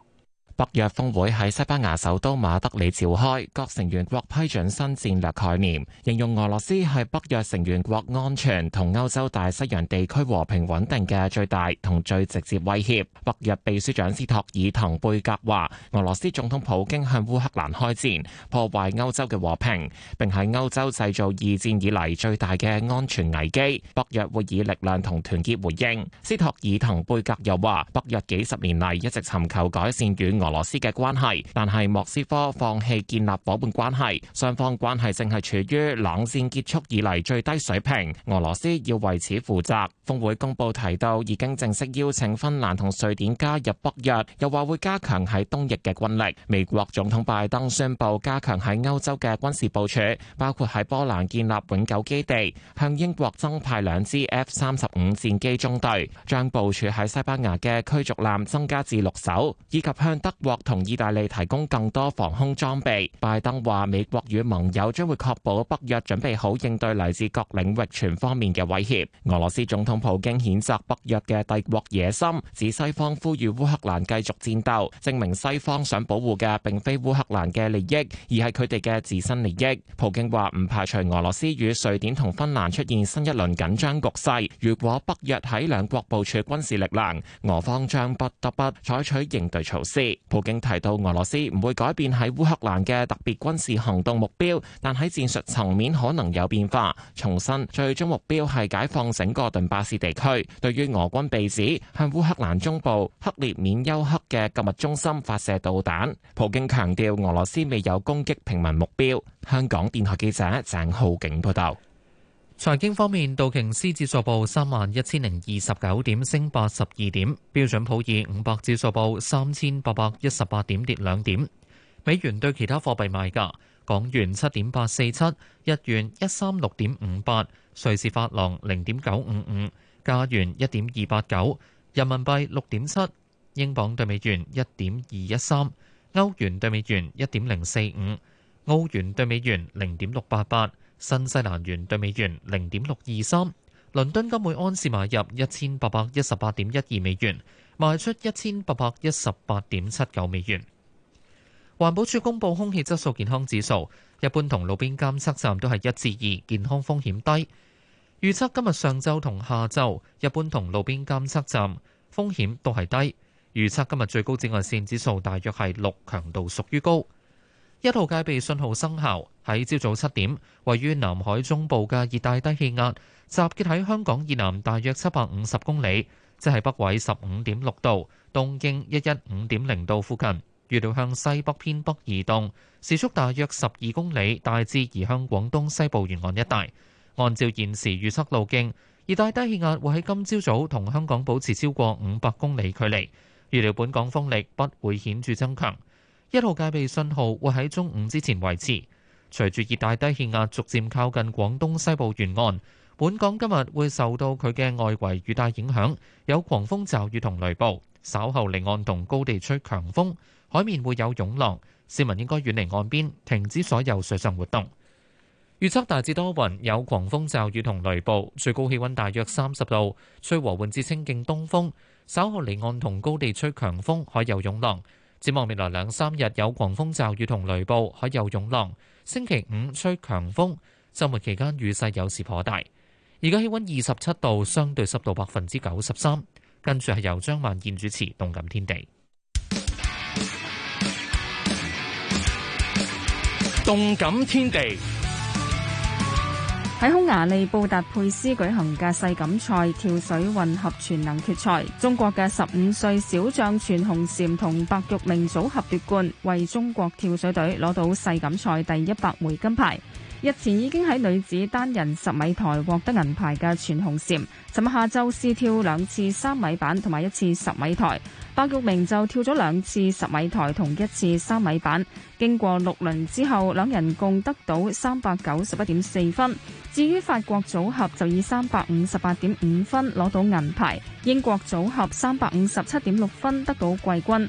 北約峰會喺西班牙首都馬德里召開，各成員國批准新戰略概念，形容俄羅斯係北約成員國安全同歐洲大西洋地區和平穩定嘅最大同最直接威脅。北約秘書長斯托爾滕貝格話，俄羅斯總統普京向烏克蘭開戰，破壞歐洲嘅和平，並喺歐洲製造二戰以嚟最大嘅安全危機。北約會以力量同團結回應。斯托爾滕貝格又話，北約幾十年嚟一直尋求改善與俄。俄羅斯嘅關係，但係莫斯科放棄建立伙伴關係，雙方關係正係處於冷戰結束以嚟最低水平。俄羅斯要為此負責。峰會公布提到，已經正式邀請芬蘭同瑞典加入北約，又話會加強喺東翼嘅軍力。美國總統拜登宣布加強喺歐洲嘅軍事部署，包括喺波蘭建立永久基地，向英國增派兩支 F 三十五戰機中隊，將部署喺西班牙嘅驅逐艦增加至六艘，以及向德獲同意大利提供更多防空裝備。拜登話，美國與盟友將會確保北約準備好應對來自各領域全方面嘅威脅。俄羅斯總統普京譴責北約嘅帝國野心，指西方呼籲烏克蘭繼續戰鬥，證明西方想保護嘅並非烏克蘭嘅利益，而係佢哋嘅自身利益。普京話唔排除俄羅斯與瑞典同芬蘭出現新一輪緊張局勢。如果北約喺兩國部署軍事力量，俄方將不得不採取應對措施。普京提到，俄羅斯唔會改變喺烏克蘭嘅特別軍事行動目標，但喺戰術層面可能有變化。重申最終目標係解放整個頓巴斯地區，對於俄軍被指向烏克蘭中部克列緬丘克嘅購物中心發射導彈，普京強調俄羅斯未有攻擊平民目標。香港電台記者鄭浩景報道。財經方面，道瓊斯指數報三萬一千零二十九點，升八十二點；標準普爾五百指數報三千八百一十八點，跌兩點。美元對其他貨幣賣價：港元七點八四七，日元一三六點五八，瑞士法郎零點九五五，加元一點二八九，人民幣六點七，英鎊對美元一點二一三，歐元對美元一點零四五，澳元對美元零點六八八。新西蘭元兌美元零點六二三，倫敦金每安士買入一千八百一十八點一二美元，賣出一千八百一十八點七九美元。環保署公布空氣質素健康指數，一般同路邊監測站都係一至二，健康風險低。預測今日上晝同下晝，一般同路邊監測站風險都係低。預測今日最高紫外線指數大約係六，強度屬於高。一號戒備信號生效，喺朝早七點，位於南海中部嘅熱帶低氣壓集結喺香港以南大約七百五十公里，即係北緯十五點六度、東經一一五點零度附近。預料向西北偏北移動，時速大約十二公里，大致移向廣東西部沿岸一帶。按照現時預測路徑，熱帶低氣壓會喺今朝早同香港保持超過五百公里距離。預料本港風力不會顯著增強。一號戒備信號會喺中午之前維持。隨住熱帶低氣壓逐漸靠近廣東西部沿岸，本港今日會受到佢嘅外圍雨帶影響，有狂風驟雨同雷暴。稍後離岸同高地吹強風，海面會有湧浪，市民應該遠離岸邊，停止所有水上活動。預測大致多雲，有狂風驟雨同雷暴，最高氣温大約三十度，吹和緩至清勁東風。稍後離岸同高地吹強風，海有湧浪。展望未來兩三日有狂風驟雨同雷暴，海有湧浪。星期五吹強風，周末期間雨勢有時頗大。而家氣温二十七度，相對濕度百分之九十三。跟住係由張萬健主持《動感天地》。《動感天地》。喺匈牙利布達佩斯舉行嘅世錦賽跳水混合全能決賽，中國嘅十五歲小將全紅嬋同白鈺鳴組合奪冠，為中國跳水隊攞到世錦賽第一百枚金牌。日前已經喺女子單人十米台獲得銀牌嘅全紅嬋，尋日下晝試跳兩次三米板同埋一次十米台，白玉明就跳咗兩次十米台同一次三米板。經過六輪之後，兩人共得到三百九十一點四分。至於法國組合就以三百五十八點五分攞到銀牌，英國組合三百五十七點六分得到季軍。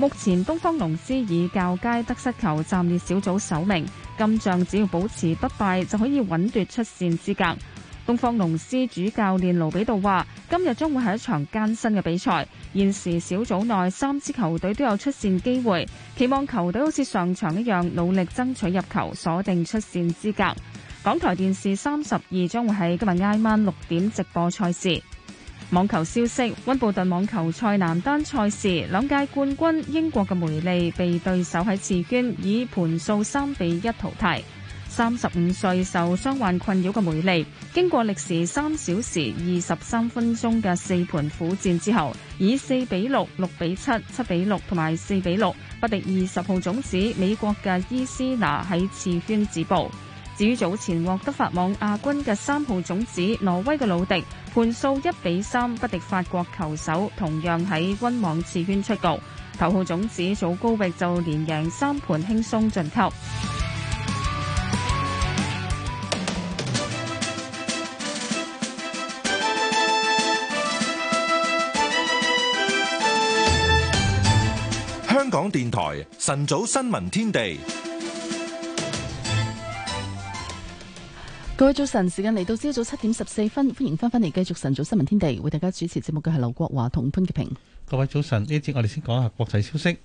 目前東方龍獅以較佳得失球暫列小組首名，今仗只要保持不敗就可以穩奪出線資格。東方龍獅主教練盧比道話：今日將會係一場艱辛嘅比賽。現時小組內三支球隊都有出線機會，期望球隊好似上場一樣努力爭取入球，鎖定出線資格。港台電視三十二將會喺今日挨晚六點直播賽事。網球消息：溫布頓網球賽男單賽事，兩屆冠軍英國嘅梅利被對手喺次圈以盤數三比一淘汰。三十五歲受傷患困擾嘅梅利，經過歷時三小時二十三分鐘嘅四盤苦戰之後，以四比六、六比七、七比六同埋四比六，不敵二十號種子美國嘅伊斯拿喺次圈止步。至於早前獲得法網亞軍嘅三號種子挪威嘅魯迪，盤數一比三不敵法國球手，同樣喺温網次圈出局。頭號種子祖高域就連贏三盤，輕鬆晉級。香港電台晨早新聞天地。各位早晨，時間嚟到朝早七點十四分，歡迎翻返嚟繼續晨早新聞天地，為大家主持節目嘅係劉國華同潘潔平。各位早晨，呢節我哋先講下國際消息。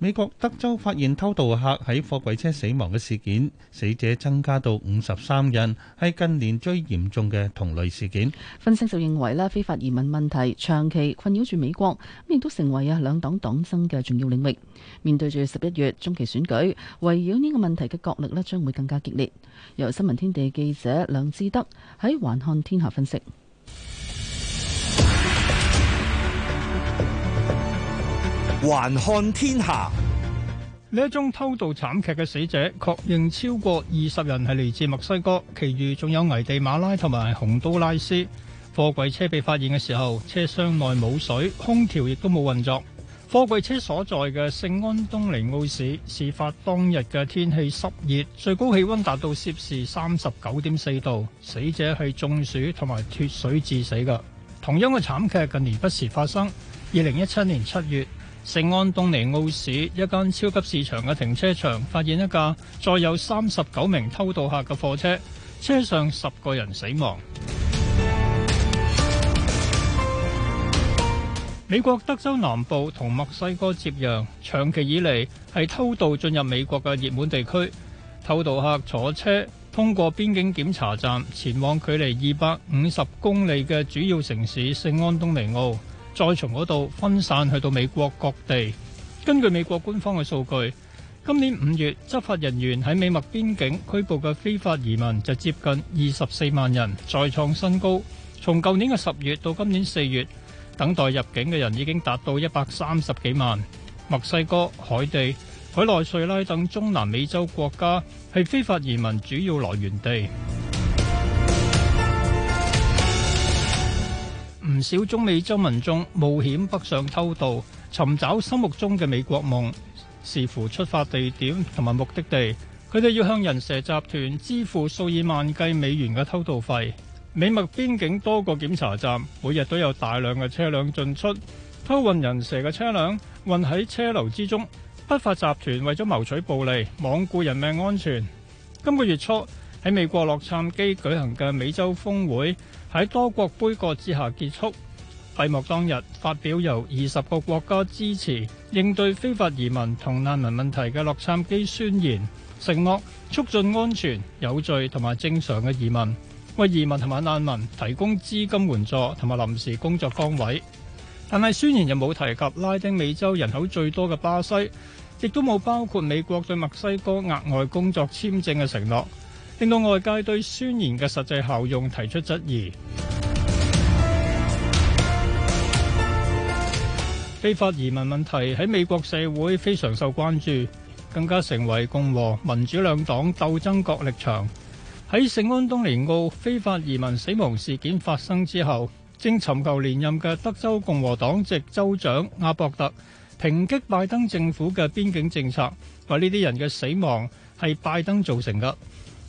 美國德州發現偷渡客喺貨櫃車死亡嘅事件，死者增加到五十三人，係近年最嚴重嘅同類事件。分析就認為咧，非法移民問題長期困擾住美國，亦都成為啊兩黨黨爭嘅重要領域。面對住十一月中期選舉，圍繞呢個問題嘅角力咧，將會更加激烈。由新聞天地記者梁志德喺環看天下分析。還看天下，呢一宗偷渡慘劇嘅死者確認超過二十人，係嚟自墨西哥，其餘仲有危地馬拉同埋洪都拉斯。貨櫃車被發現嘅時候，車廂內冇水，空調亦都冇運作。貨櫃車所在嘅聖安東尼奧市，事發當日嘅天氣濕熱，最高氣溫達到攝氏三十九點四度。死者係中暑同埋脫水致死噶。同樣嘅慘劇近年不時發生。二零一七年七月，聖安東尼奧市一間超級市場嘅停車場，發現一架載有三十九名偷渡客嘅貨車，車上十個人死亡。美國德州南部同墨西哥接壤，長期以嚟係偷渡進入美國嘅熱門地區。偷渡客坐車通過邊境檢查站，前往距離二百五十公里嘅主要城市聖安東尼奧。再從嗰度分散去到美國各地。根據美國官方嘅數據，今年五月執法人員喺美墨邊境拘捕嘅非法移民就接近二十四萬人，再創新高。從舊年嘅十月到今年四月，等待入境嘅人已經達到一百三十幾萬。墨西哥、海地、委內瑞拉等中南美洲國家係非法移民主要來源地。唔少中美洲民眾冒險北上偷渡，尋找心目中嘅美國夢。視乎出發地點同埋目的地，佢哋要向人蛇集團支付數以萬計美元嘅偷渡費。美墨邊境多個檢查站每日都有大量嘅車輛進出，偷運人蛇嘅車輛運喺車流之中。不法集團為咗謀取暴利，罔顧人命安全。今個月初喺美國洛杉磯舉行嘅美洲峰會，喺多國杯葛之下結束，閉幕當日，發表由二十個國家支持應對非法移民同難民問題嘅洛杉磯宣言，承諾促進安全、有序同埋正常嘅移民，為移民同埋難民提供資金援助同埋臨時工作崗位。但係宣言又冇提及拉丁美洲人口最多嘅巴西，亦都冇包括美國對墨西哥額外工作簽證嘅承諾。令到外界對宣言嘅實際效用提出質疑。 非法移民問題喺美國社會非常受關注，更加成為共和民主兩黨鬥爭角力場。喺聖安東尼奧非法移民死亡事件發生之後，正尋求連任嘅德州共和黨籍州長阿博特抨擊拜登政府嘅邊境政策，話呢啲人嘅死亡係拜登造成㗎。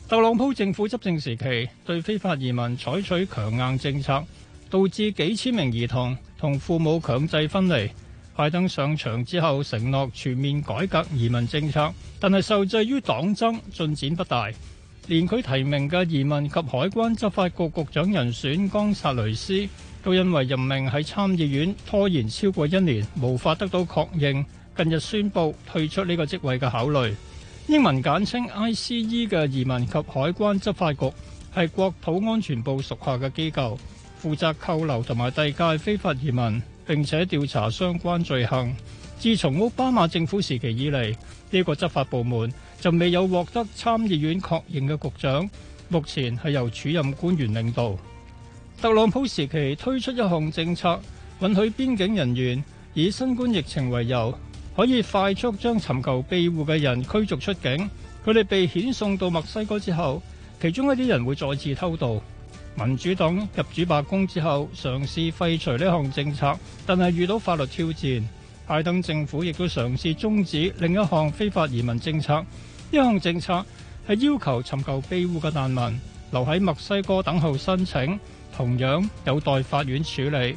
特朗普政府執政時期對非法移民採取強硬政策，導致幾千名兒童同父母強制分離，拜登上場之後承諾全面改革移民政策，但係受制於黨爭進展不大。連佢提名嘅移民及海關執法局局長人選江薩雷斯都因為任命喺參議院拖延超過一年，無法得到確認，近日宣布退出呢個職位嘅考慮。英文簡稱 ICE 嘅移民及海關執法局係國土安全部屬下嘅機構，負責扣留同埋遞解非法移民，並且調查相關罪行。自從奧巴馬政府時期以嚟，呢個執法部門就未有獲得參議院確認嘅局長，目前係由署任官員領導。特朗普時期推出一項政策，允許邊境人員以新冠疫情為由，可以快速將尋求庇護嘅人驅逐出境，佢哋被遣送到墨西哥之後，其中一啲人會再次偷渡。民主黨入主白宮之後，嘗試廢除呢項政策，但係遇到法律挑戰。拜登政府亦都嘗試中止另一項非法移民政策，呢項政策係要求尋求庇護嘅難民留喺墨西哥等候申請，同樣有待法院處理。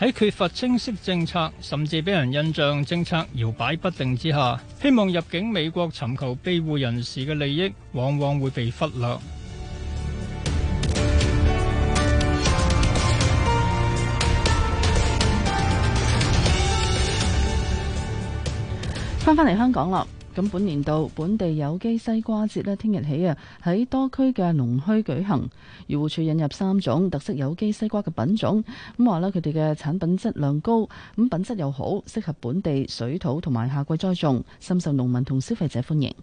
喺缺乏清晰政策，甚至俾人印象政策搖擺不定之下，希望入境美國尋求庇護人士嘅利益，往往會被忽略。翻返嚟香港咯。咁本年度本地有機西瓜節咧，聽日起啊喺多區嘅農墟舉行。漁護處引入三種特色有機西瓜嘅品種，咁話咧佢哋嘅產品質量高，咁品質又好，適合本地水土同埋夏季栽種，深受農民同消費者歡迎。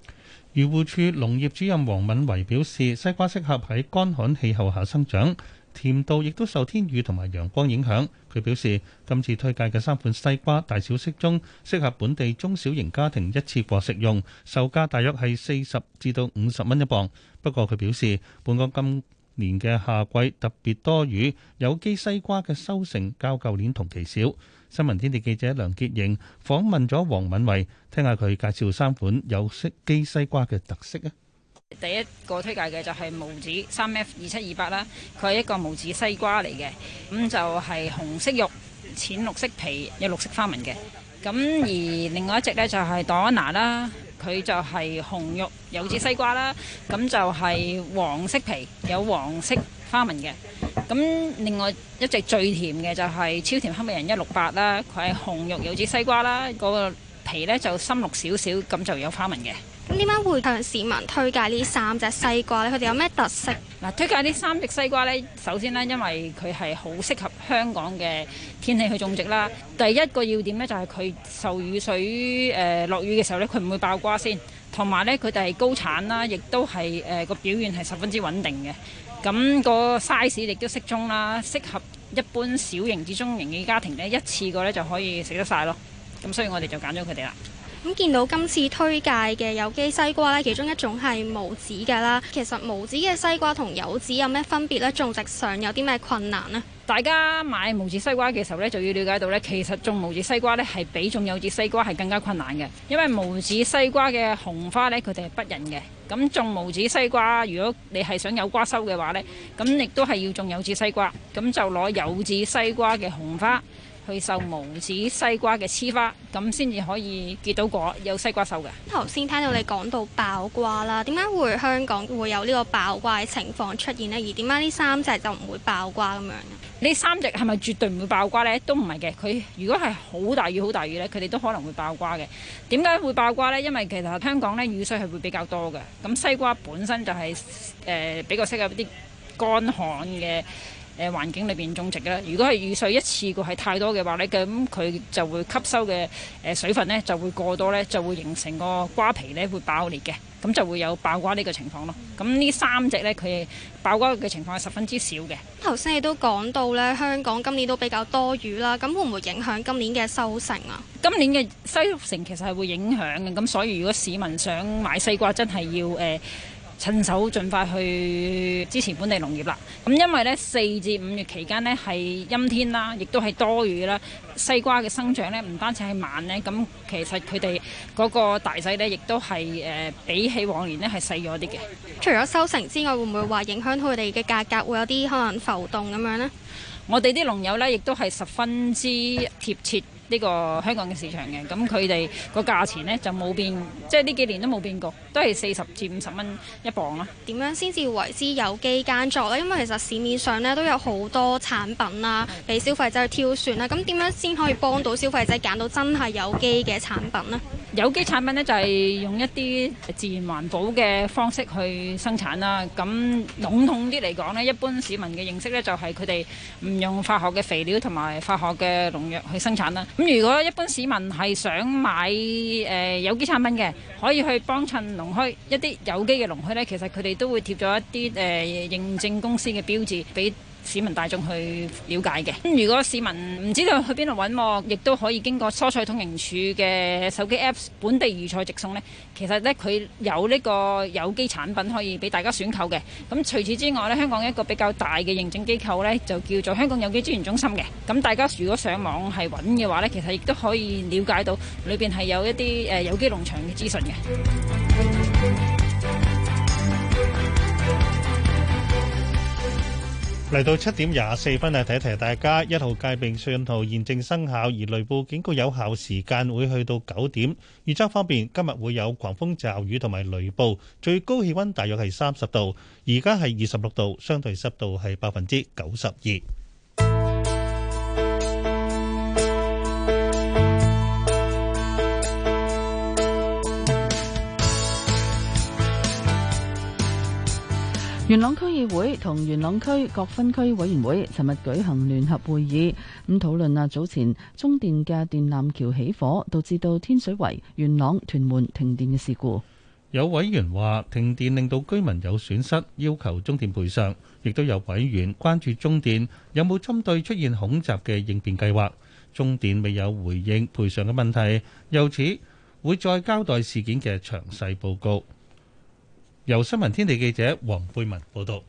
漁護處農業主任黃敏維表示，西瓜適合喺乾旱氣候下生長。甜度亦都受天雨同埋陽光影響，佢表示，今次推介嘅三款西瓜大小適中，適合本地中小型家庭一次過食用，售價大約係四十至到五十蚊一磅。不過，佢表示，本港今年嘅夏季特別多雨，有機西瓜嘅收成較舊年同期少。新聞天地記者梁潔瑩訪問咗黃敏慧，聽下佢介紹三款有機西瓜嘅特色啊！第一個推介嘅就係無籽三 F 二七二八啦，佢係一個無籽西瓜嚟嘅，咁就係、是、紅色肉、淺綠色皮、有綠色花紋嘅。咁而另外一隻呢，就係朵娜啦，佢就係紅肉有籽西瓜啦，咁就係黃色皮、有黃色花紋嘅。咁另外一隻最甜嘅就係超甜黑美人一六八啦，佢係紅肉有籽西瓜啦，個皮呢，就深綠少少，咁就有花紋嘅。咁點解會向市民推介呢三隻西瓜咧？佢哋有咩特色？嗱，推介呢三隻西瓜呢，首先呢，因為佢係好適合香港嘅天氣去種植啦。第一個要點呢，就係、是、佢受雨水誒落、呃、雨嘅時候呢，佢唔會爆瓜先。同埋呢，佢哋係高產啦，亦都係誒個表現係十分之穩定嘅。咁個 size 亦都適中啦，適合一般小型至中型嘅家庭呢，一次過呢，就可以食得晒咯。咁所以我哋就揀咗佢哋啦。咁見到今次推介嘅有機西瓜呢，其中一種係無籽嘅啦。其實無籽嘅西瓜同有籽有咩分別呢？種植上有啲咩困難呢？大家買無籽西瓜嘅時候呢，就要了解到呢，其實種無籽西瓜呢係比種有籽西瓜係更加困難嘅，因為無籽西瓜嘅紅花呢，佢哋係不孕嘅。咁種無籽西瓜，如果你係想有瓜收嘅話呢，咁亦都係要種有籽西瓜，咁就攞有籽西瓜嘅紅花。去授無子西瓜嘅雌花，咁先至可以結到果，有西瓜收嘅。頭先聽到你講到爆瓜啦，點解會香港會有呢個爆瓜嘅情況出現呢？而點解呢三隻就唔會爆瓜咁樣？呢三隻係咪絕對唔會爆瓜呢？都唔係嘅，佢如果係好大雨、好大雨呢，佢哋都可能會爆瓜嘅。點解會爆瓜呢？因為其實香港呢雨水係會比較多嘅，咁西瓜本身就係誒比較適合啲乾旱嘅。誒、呃、環境裏邊種植啦，如果係雨水一次過係太多嘅話咧，咁佢就會吸收嘅誒水分咧就會過多咧，就會形成個瓜皮咧會爆裂嘅，咁就會有爆瓜呢個情況咯。咁呢三隻咧佢爆瓜嘅情況係十分之少嘅。頭先你都講到咧，香港今年都比較多雨啦，咁會唔會影響今年嘅收成啊？今年嘅收成其實係會影響嘅，咁所以如果市民想買西瓜真，真係要誒。趁手盡快去支持本地農業啦！咁因為咧四至五月期間咧係陰天啦，亦都係多雨啦，西瓜嘅生長咧唔單止係慢咧，咁其實佢哋嗰個大細咧亦都係誒比起往年咧係細咗啲嘅。除咗收成之外，會唔會話影響佢哋嘅價格會有啲可能浮動咁樣咧？我哋啲農友咧亦都係十分之貼切呢個香港嘅市場嘅，咁佢哋個價錢咧就冇變，即係呢幾年都冇變過。都係四十至五十蚊一磅啦、啊。點樣先至為之有機耕作呢？因為其實市面上呢都有好多產品啦、啊，俾消費者去挑選啦、啊。咁點樣先可以幫到消費者揀到真係有機嘅產品呢？有機產品呢，就係、是、用一啲自然環保嘅方式去生產啦、啊。咁籠統啲嚟講呢，一般市民嘅認識呢，就係佢哋唔用化學嘅肥料同埋化學嘅農藥去生產啦、啊。咁如果一般市民係想買誒、呃、有機產品嘅，可以去幫襯農。農墟一啲有機嘅農墟咧，其實佢哋都會貼咗一啲誒、呃、認證公司嘅標誌俾。市民大眾去了解嘅咁，如果市民唔知道去邊度揾喎，亦都可以經過蔬菜統營處嘅手機 Apps 本地預菜直送呢。其實呢，佢有呢個有機產品可以俾大家選購嘅。咁除此之外呢，香港一個比較大嘅認證機構呢，就叫做香港有機資源中心嘅。咁大家如果上網係揾嘅話呢，其實亦都可以了解到裏邊係有一啲誒有機農場嘅資訊嘅。嚟到七點廿四分，嚟提一提大家，一號戒備信號現正生效，而雷暴警告有效時間會去到九點。預測方面，今日會有狂風驟雨同埋雷暴，最高氣溫大約係三十度，而家係二十六度，相對濕度係百分之九十二。元朗區議會同元朗區各分區委員會尋日舉行聯合會議，咁討論啊早前中電嘅電纜橋起火，導致到天水圍、元朗、屯門停電嘅事故。有委員話停電令到居民有損失，要求中電賠償。亦都有委員關注中電有冇針對出現恐襲嘅應變計劃。中電未有回應賠償嘅問題，又指會再交代事件嘅詳細報告。由新聞天地記者黃貝文報道，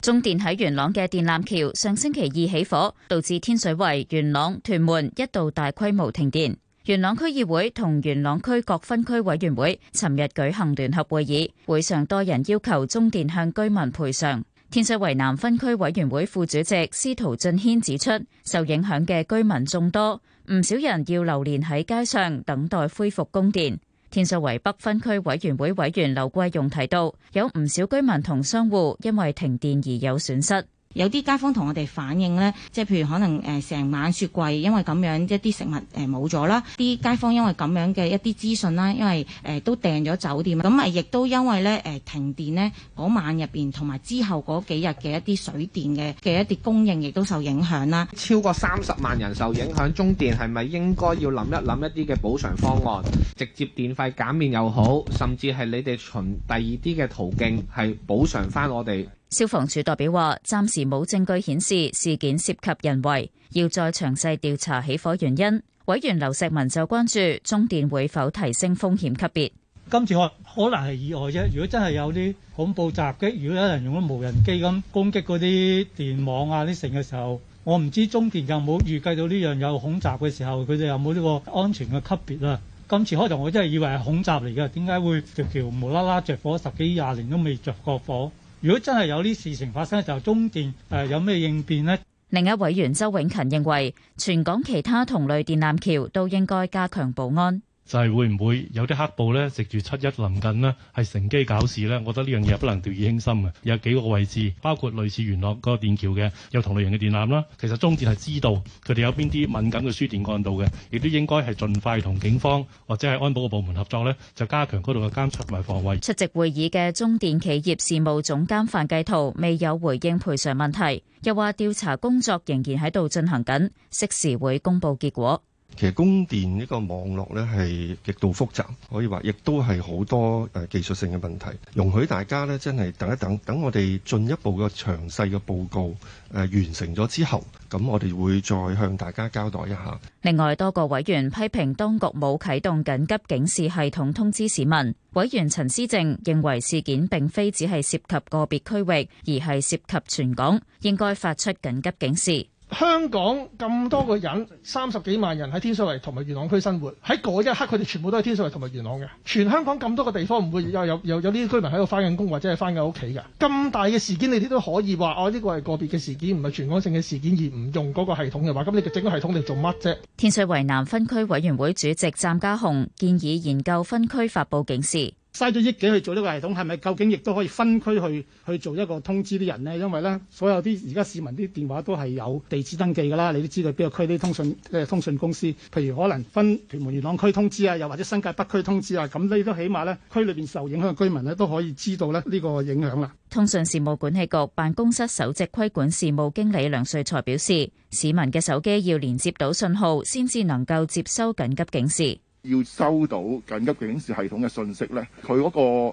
中電喺元朗嘅電纜橋上星期二起火，導致天水圍、元朗、屯門一度大規模停電。元朗區議會同元朗區各分區委員會尋日舉行聯合會議，會上多人要求中電向居民賠償。天水圍南分區委員會副主席司徒俊軒指出，受影響嘅居民眾多，唔少人要流連喺街上等待恢復供電。天水圍北分區委員會委員劉桂容提到，有唔少居民同商戶因為停電而有損失。有啲街坊同我哋反映呢，即係譬如可能誒成晚雪櫃，因為咁樣一啲食物誒冇咗啦。啲、呃、街坊因為咁樣嘅一啲資訊啦，因為誒、呃、都訂咗酒店，咁啊，亦都因為呢誒、呃、停電呢，嗰晚入邊同埋之後嗰幾日嘅一啲水電嘅嘅一啲供應亦都受影響啦。超過三十萬人受影響，中電係咪應該要諗一諗一啲嘅補償方案？直接電費減免又好，甚至係你哋循第二啲嘅途徑係補償翻我哋？消防處代表話，暫時冇證據顯示事件涉及人為，要再詳細調查起火原因。委員劉石文就關注中電會否提升風險級別。今次可能係意外啫。如果真係有啲恐怖襲擊，如果有人用咗無人機咁攻擊嗰啲電網啊、啲成嘅時候，我唔知中電有冇預計到呢樣有恐襲嘅時候，佢哋有冇呢個安全嘅級別啊？今次開頭我真係以為係恐襲嚟㗎，點解會條橋無啦啦着火，十幾廿年都未着過火？如果真係有啲事情發生，就中電誒有咩應變呢？另一委員周永勤認為，全港其他同類電纜橋都應該加強保安。就係會唔會有啲黑暴咧食住七一臨近呢，係乘機搞事呢。我覺得呢樣嘢不能掉以輕心嘅。有幾個位置，包括類似元朗嗰個電橋嘅，有同類型嘅電纜啦。其實中電係知道佢哋有邊啲敏感嘅輸電幹道嘅，亦都應該係盡快同警方或者係安保嘅部門合作呢，就加強嗰度嘅監察同埋防衞。出席會議嘅中電企業事務總監范繼圖未有回應賠償問題，又話調查工作仍然喺度進行緊，適時會公佈結果。其實供電呢個網絡呢係極度複雜，可以話亦都係好多誒技術性嘅問題。容許大家呢，真係等一等，等我哋進一步嘅詳細嘅報告誒完成咗之後，咁我哋會再向大家交代一下。另外，多個委員批評當局冇啟動緊急警示系統通知市民。委員陳思正認為事件並非只係涉及個別區域，而係涉及全港，應該發出緊急警示。香港咁多個人，三十幾萬人喺天水圍同埋元朗區生活，喺嗰一刻佢哋全部都係天水圍同埋元朗嘅。全香港咁多個地方唔會有有有有呢啲居民喺度翻緊工或者係翻緊屋企嘅。咁大嘅事件你哋都可以話哦呢個係個別嘅事件，唔係全港性嘅事件，而唔用嗰個系統嘅話，咁你嘅整個系統嚟做乜啫？天水圍南分區委員會主席湛家雄建議研究分區發布警示。嘥咗億幾去做呢個系統，係咪究竟亦都可以分區去去做一個通知啲人呢？因為呢，所有啲而家市民啲電話都係有地址登記㗎啦，你都知道邊個區啲通訊通訊公司，譬如可能分屯門元朗區通知啊，又或者新界北區通知啊，咁呢都起碼呢區裏邊受影響嘅居民呢，都可以知道咧呢個影響啦。通訊事務管理局辦公室首席規管事務經理梁瑞才表示，市民嘅手機要連接到信號先至能夠接收緊急警示。要收到緊急警示系統嘅信息呢，佢嗰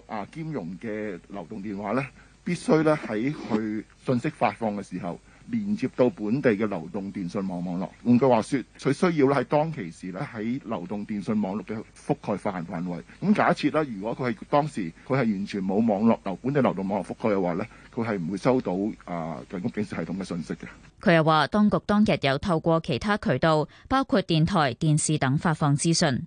個啊兼容嘅流動電話呢，必須咧喺佢信息發放嘅時候連接到本地嘅流動電信網網絡。換句話說，佢需要咧喺當其時咧喺流動電信網絡嘅覆蓋範範圍。咁假設咧，如果佢係當時佢係完全冇網絡流本地流動網絡覆蓋嘅話呢，佢係唔會收到啊緊急警示系統嘅信息嘅。佢又話，當局當日有透過其他渠道，包括電台、電視等發放資訊。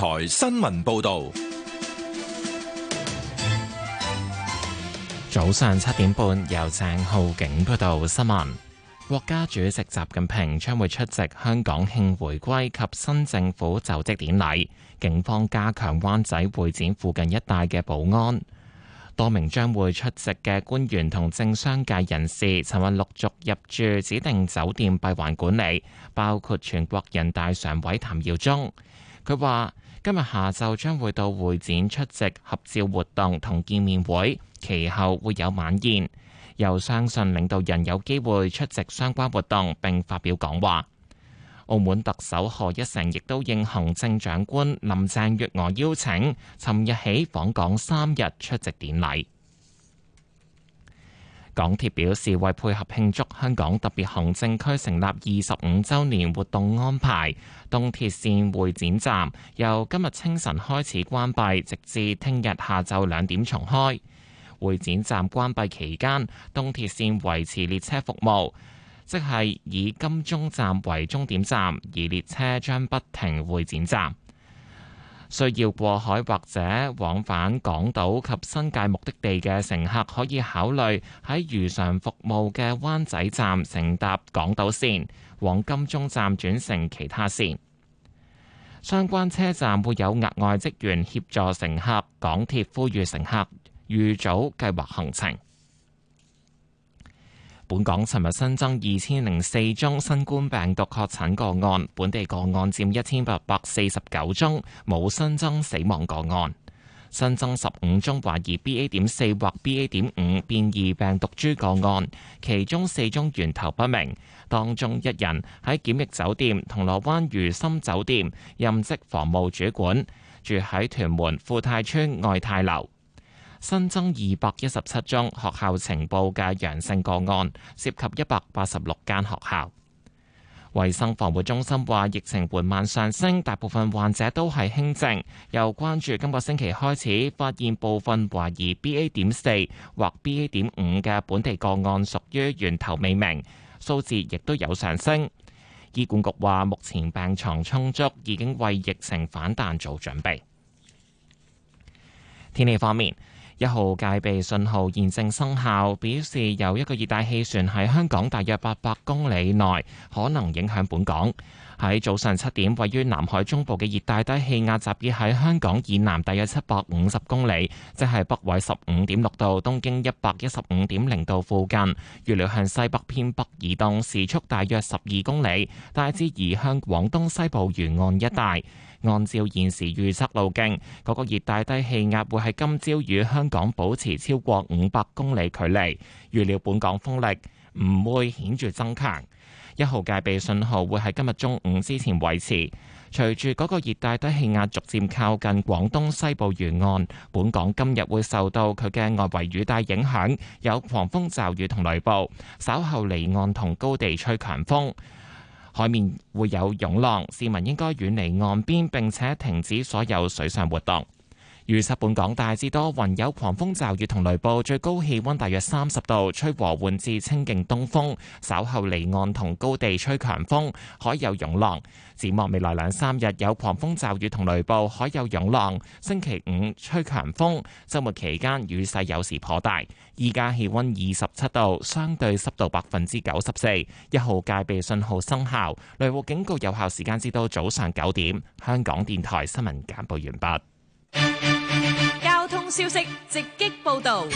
台新聞報道，早上七點半由鄭浩景報道新聞。國家主席習近平將會出席香港慶回歸及新政府就職典禮。警方加強灣仔會展附近一帶嘅保安。多名將會出席嘅官員同政商界人士，尋日陸續入住指定酒店閉環管理。包括全國人大常委譚耀宗，佢話。今日下晝將會到會展出席合照活動同見面會，其後會有晚宴。又相信領導人有機會出席相關活動並發表講話。澳門特首賀一誠亦都應行政長官林鄭月娥邀請，尋日起訪港三日出席典禮。港鐵表示，為配合慶祝香港特別行政區成立二十五週年活動安排，東鐵線會展站由今日清晨開始關閉，直至聽日下晝兩點重開。會展站關閉期間，東鐵線維持列車服務，即係以金鐘站為終點站，而列車將不停會展站。需要過海或者往返港島及新界目的地嘅乘客，可以考慮喺如常服務嘅灣仔站乘搭港島線，往金鐘站轉乘其他線。相關車站會有額外職員協助乘客，港鐵呼籲乘客預早計劃行程。本港尋日新增二千零四宗新冠病毒確診個案，本地個案佔一千八百四十九宗，冇新增死亡個案。新增十五宗懷疑 BA 點四或 BA 點五變異病毒株個案，其中四宗源頭不明，當中一人喺檢疫酒店銅鑼灣如心酒店任職房務主管，住喺屯門富泰邨愛泰樓。新增二百一十七宗學校呈報嘅陽性個案，涉及一百八十六間學校。衛生防護中心話，疫情緩慢上升，大部分患者都係輕症。又關注今個星期開始發現部分懷疑 BA. 點四或 BA. 點五嘅本地個案屬於源頭未明，數字亦都有上升。醫管局話，目前病床充足，已經為疫情反彈做準備。天氣方面。一號戒備信號現正生效，表示有一個熱帶氣旋喺香港大約八百公里內可能影響本港。喺早上七點，位於南海中部嘅熱帶低氣壓集結喺香港以南大約七百五十公里，即係北緯十五點六度、東經一百一十五點零度附近，預料向西北偏北移動，時速大約十二公里，大致移向廣東西部沿岸一帶。按照現時預測路徑，嗰個熱帶低氣壓會喺今朝與香港保持超過五百公里距離。預料本港風力唔會顯著增強，一號戒備信號會喺今日中午之前維持。隨住嗰個熱帶低氣壓逐漸靠近廣東西部沿岸，本港今日會受到佢嘅外圍雨帶影響，有狂風驟雨同雷暴，稍後離岸同高地吹強風。海面會有湧浪，市民應該遠離岸邊，並且停止所有水上活動。預測本港大致多雲有狂風驟雨同雷暴，最高氣溫大約三十度，吹和緩至清勁東風。稍後離岸同高地吹強風，海有湧浪。展望未來兩三日有狂風驟雨同雷暴，海有湧浪。星期五吹強風，週末期間雨勢有時頗大。依家氣温二十七度，相對濕度百分之九十四，一號戒備信號生效，雷暴警告有效時間至到早上九點。香港電台新聞簡報完畢。消息直擊報道。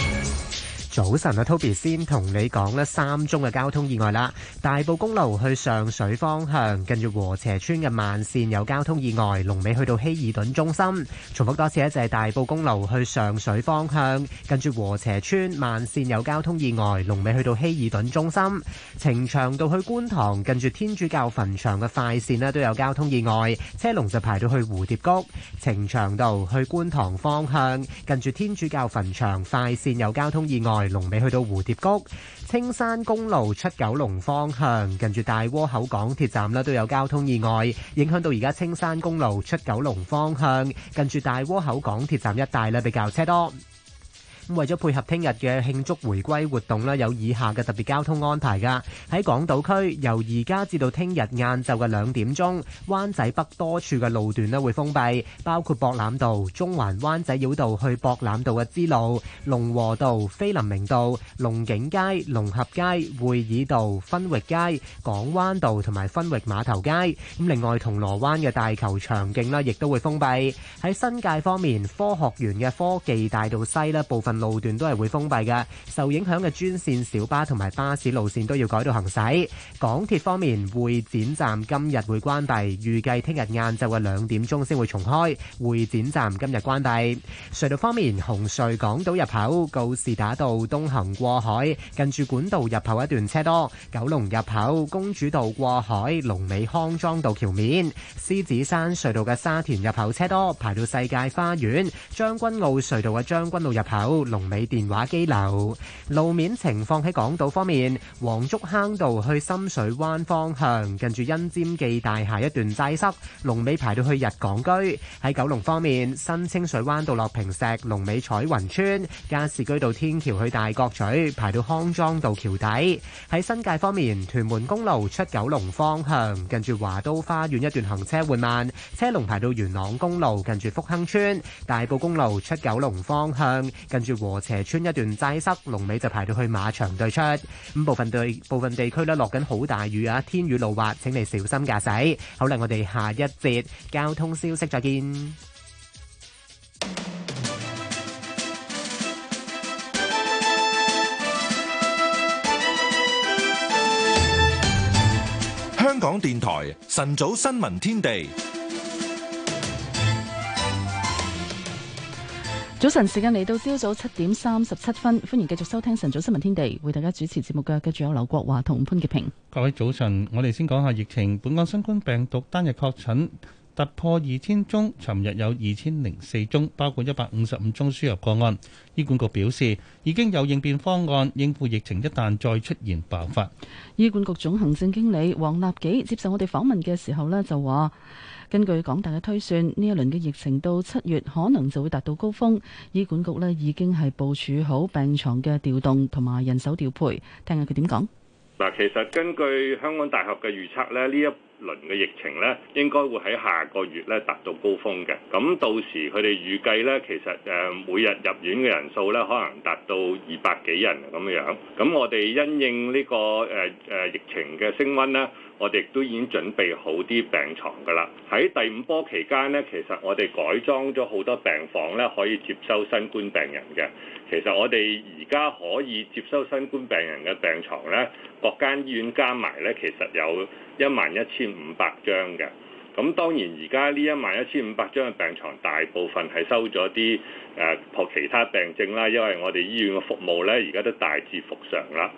早晨啊，Toby 先同你講咧三宗嘅交通意外啦。大埔公路去上水方向，跟住和斜村嘅慢綫有交通意外，龍尾去到希爾頓中心。重複多次咧，就係大埔公路去上水方向，跟住和斜村慢綫有交通意外，龍尾去到希爾頓中心。呈祥道去觀塘，跟住天主教墳場嘅快綫咧都有交通意外，車龍就排到去蝴蝶谷。呈祥道去觀塘方向，跟住天主教墳場快綫有交通意外。龍尾去到蝴蝶谷。青山公路出九龍方向，近住大窩口港鐵站都有交通意外，影響到而家青山公路出九龍方向，近住大窩口港鐵站一帶比較車多。咁為咗配合聽日嘅慶祝回歸活動咧，有以下嘅特別交通安排噶。喺港島區，由而家至到聽日晏晝嘅兩點鐘灣仔北多處嘅路段咧會封閉，包括博覽道、中環灣仔繞道去博覽道嘅支路、龍和道、菲林明道、龍景街、龍合街、會議道、分域街、港灣道同埋分域碼頭街。咁另外，銅鑼灣嘅大球場徑咧亦都會封閉。喺新界方面，科學園嘅科技大道西咧部分，路段都係會封閉嘅，受影響嘅專線小巴同埋巴士路線都要改道行駛。港鐵方面，會展站今日會關閉，預計聽日晏晝嘅兩點鐘先會重開。會展站今日關閉。隧道方面，紅隧港島入口告士打道東行過海，近住管道入口一段車多；九龍入口公主道過海，龍尾康莊道橋面；獅子山隧道嘅沙田入口車多，排到世界花園，將軍澳隧道嘅將軍澳入口。龍尾電話機樓路面情況，喺港島方面，黃竹坑道去深水灣方向近住甄沾記大廈一段擠塞，龍尾排到去日港居；喺九龍方面，新清水灣道落坪石龍尾彩雲村，加士居道天橋去大角咀排到康莊道橋底；喺新界方面，屯門公路出九龍方向近住華都花園一段行車緩慢，車龍排到元朗公路近住福亨村，大埔公路出九龍方向近住。和斜村一段齋塞，龍尾就排到去馬場對出。咁部分地部分地區咧落緊好大雨啊，天雨路滑，請你小心駕駛。好啦，我哋下一節交通消息再見。香港電台晨早新聞天地。早晨，時間嚟到朝早七點三十七分，歡迎繼續收聽晨早新聞天地，為大家主持節目嘅繼續有劉國華同潘潔平。各位早晨，我哋先講下疫情。本港新冠病毒單日確診突破二千宗，尋日有二千零四宗，包括一百五十五宗輸入個案。醫管局表示，已經有應變方案應付疫情，一旦再出現爆發。醫管局總行政經理黃立己接受我哋訪問嘅時候呢，就話。根據港大嘅推算，呢一輪嘅疫情到七月可能就會達到高峰。醫管局呢已經係部署好病床嘅調動同埋人手調配。聽下佢點講。嗱，其實根據香港大學嘅預測呢，呢一輪嘅疫情呢應該會喺下個月呢達到高峰嘅。咁到時佢哋預計呢其實誒每日入院嘅人數呢可能達到二百幾人咁樣。咁我哋因應呢個誒誒疫情嘅升溫呢。我哋都已經準備好啲病床㗎啦。喺第五波期間呢，其實我哋改裝咗好多病房呢，可以接收新冠病人嘅。其實我哋而家可以接收新冠病人嘅病床呢，各間醫院加埋呢，其實有一萬一千五百張嘅。咁當然而家呢一萬一千五百張嘅病床大部分係收咗啲誒其他病症啦，因為我哋醫院嘅服務呢，而家都大致復常啦。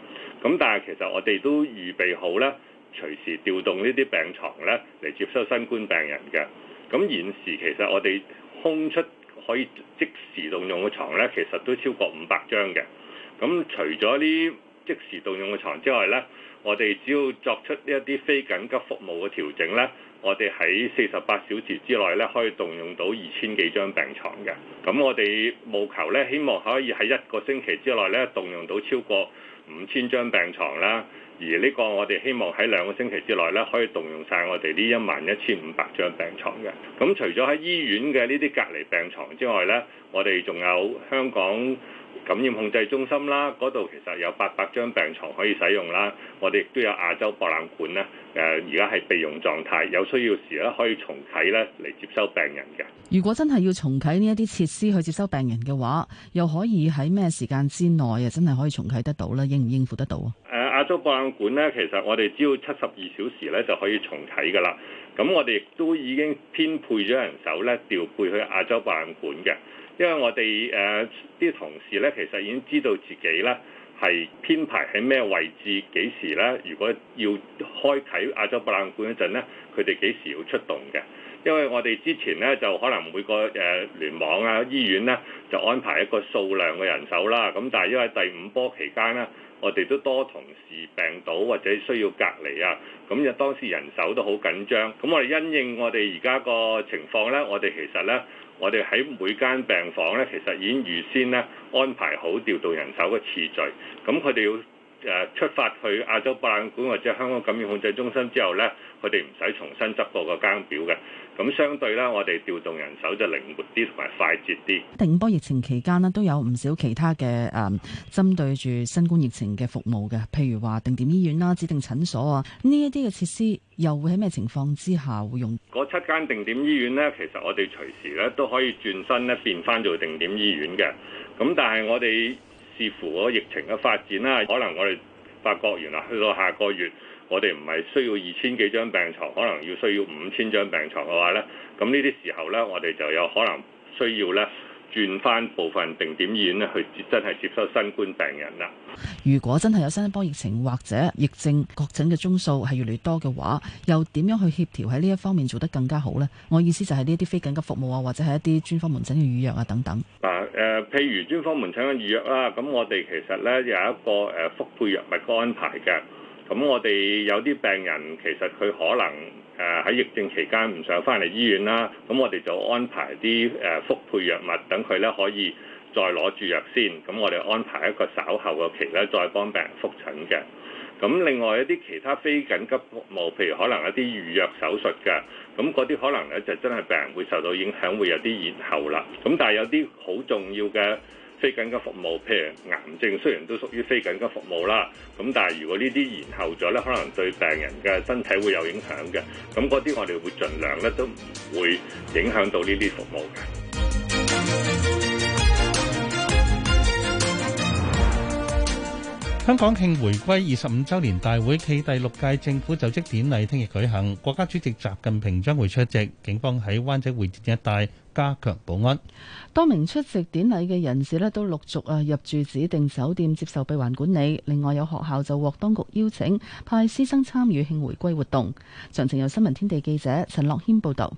咁但係其實我哋都預備好呢。隨時調動呢啲病床咧嚟接收新冠病人嘅，咁現時其實我哋空出可以即時動用嘅床咧，其實都超過五百張嘅。咁除咗呢即時動用嘅床之外咧，我哋只要作出一啲非緊急服務嘅調整咧，我哋喺四十八小時之內咧可以動用到二千幾張病床嘅。咁我哋務求咧，希望可以喺一個星期之內咧動用到超過五千張病床啦。而呢個我哋希望喺兩個星期之內咧，可以動用晒，我哋呢一萬一千五百張病床嘅。咁除咗喺醫院嘅呢啲隔離病床之外咧，我哋仲有香港感染控制中心啦，嗰度其實有八百張病床可以使用啦。我哋亦都有亞洲博覽館咧，誒而家係備用狀態，有需要時咧可以重啟咧嚟，接收病人嘅。如果真係要重啟呢一啲設施去接收病人嘅話，又可以喺咩時間之內啊，真係可以重啟得到咧？應唔應付得到啊？亞洲博覽館咧，其實我哋只要七十二小時咧就可以重啟嘅啦。咁我哋亦都已經編配咗人手咧，調配去亞洲博覽館嘅。因為我哋誒啲同事咧，其實已經知道自己咧係編排喺咩位置、幾時咧。如果要開啓亞洲博覽館嗰陣咧，佢哋幾時要出動嘅？因為我哋之前咧就可能每個誒聯網啊、醫院咧就安排一個數量嘅人手啦。咁但係因為第五波期間咧。我哋都多同事病倒或者需要隔離啊，咁、嗯、就當時人手都好緊張，咁、嗯、我哋因應我哋而家個情況呢，我哋其實呢，我哋喺每間病房呢，其實已經預先呢安排好調度人手嘅次序，咁佢哋要誒出發去亞洲博覽館或者香港感染控制中心之後呢，佢哋唔使重新執過個間表嘅。咁相對咧，我哋調動人手就靈活啲同埋快捷啲。第五波疫情期間咧，都有唔少其他嘅誒、嗯，針對住新冠疫情嘅服務嘅，譬如話定點醫院啦、指定診所啊，呢一啲嘅設施又會喺咩情況之下會用？嗰七間定點醫院呢？其實我哋隨時咧都可以轉身咧變翻做定點醫院嘅。咁但係我哋。視乎個疫情嘅發展啦，可能我哋發覺原來去到下個月，我哋唔係需要二千幾張病床，可能要需要五千張病床嘅話呢。咁呢啲時候呢，我哋就有可能需要呢轉翻部分定點醫院呢去接真係接收新冠病人啦。如果真係有新一波疫情或者疫症確診嘅宗數係越嚟越多嘅話，又點樣去協調喺呢一方面做得更加好呢？我意思就係呢啲非緊急服務啊，或者係一啲專科門診嘅預約啊等等。誒、呃，譬如專科門診嘅預約啦，咁、嗯、我哋其實呢有一個誒復、呃、配藥物安排嘅。咁、嗯、我哋有啲病人其實佢可能誒喺、呃、疫症期間唔想翻嚟醫院啦，咁、嗯、我哋就安排啲誒復配藥物，等佢呢可以再攞住藥先。咁、嗯、我哋安排一個稍後嘅期呢，再幫病人覆診嘅。咁另外一啲其他非緊急服務，譬如可能一啲預約手術嘅，咁嗰啲可能咧就真係病人會受到影響，會有啲延後啦。咁但係有啲好重要嘅非緊急服務，譬如癌症，雖然都屬於非緊急服務啦，咁但係如果呢啲延後咗咧，可能對病人嘅身體會有影響嘅。咁嗰啲我哋會盡量咧都唔會影響到呢啲服務嘅。香港慶回歸二十五周年大會暨第六屆政府就職典禮聽日舉行，國家主席習近平將會出席。警方喺灣仔會展一帶加強保安。多名出席典禮嘅人士咧都陸續啊入住指定酒店接受閉環管理。另外有學校就獲當局邀請派師生參與慶回歸活動。詳情由新聞天地記者陳樂謙報道。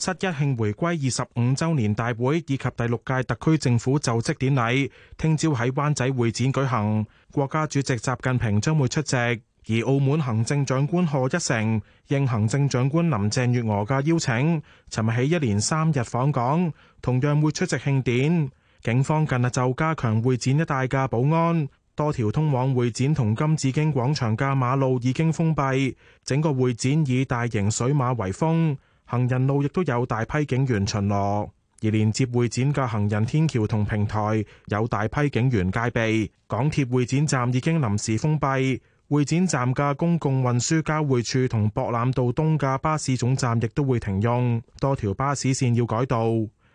七一慶回歸二十五週年大會以及第六屆特區政府就職典禮，聽朝喺灣仔會展舉行。國家主席習近平將會出席，而澳門行政長官賀一誠應行政長官林鄭月娥嘅邀請，尋日起一連三日訪港，同樣會出席慶典。警方近日就加強會展一帶嘅保安，多條通往會展同金紫荊廣場嘅馬路已經封閉，整個會展以大型水馬圍封。行人路亦都有大批警員巡邏，而連接會展嘅行人天橋同平台有大批警員戒備。港鐵會展站已經臨時封閉，會展站嘅公共運輸交匯處同博覽道東嘅巴士總站亦都會停用，多條巴士綫要改道。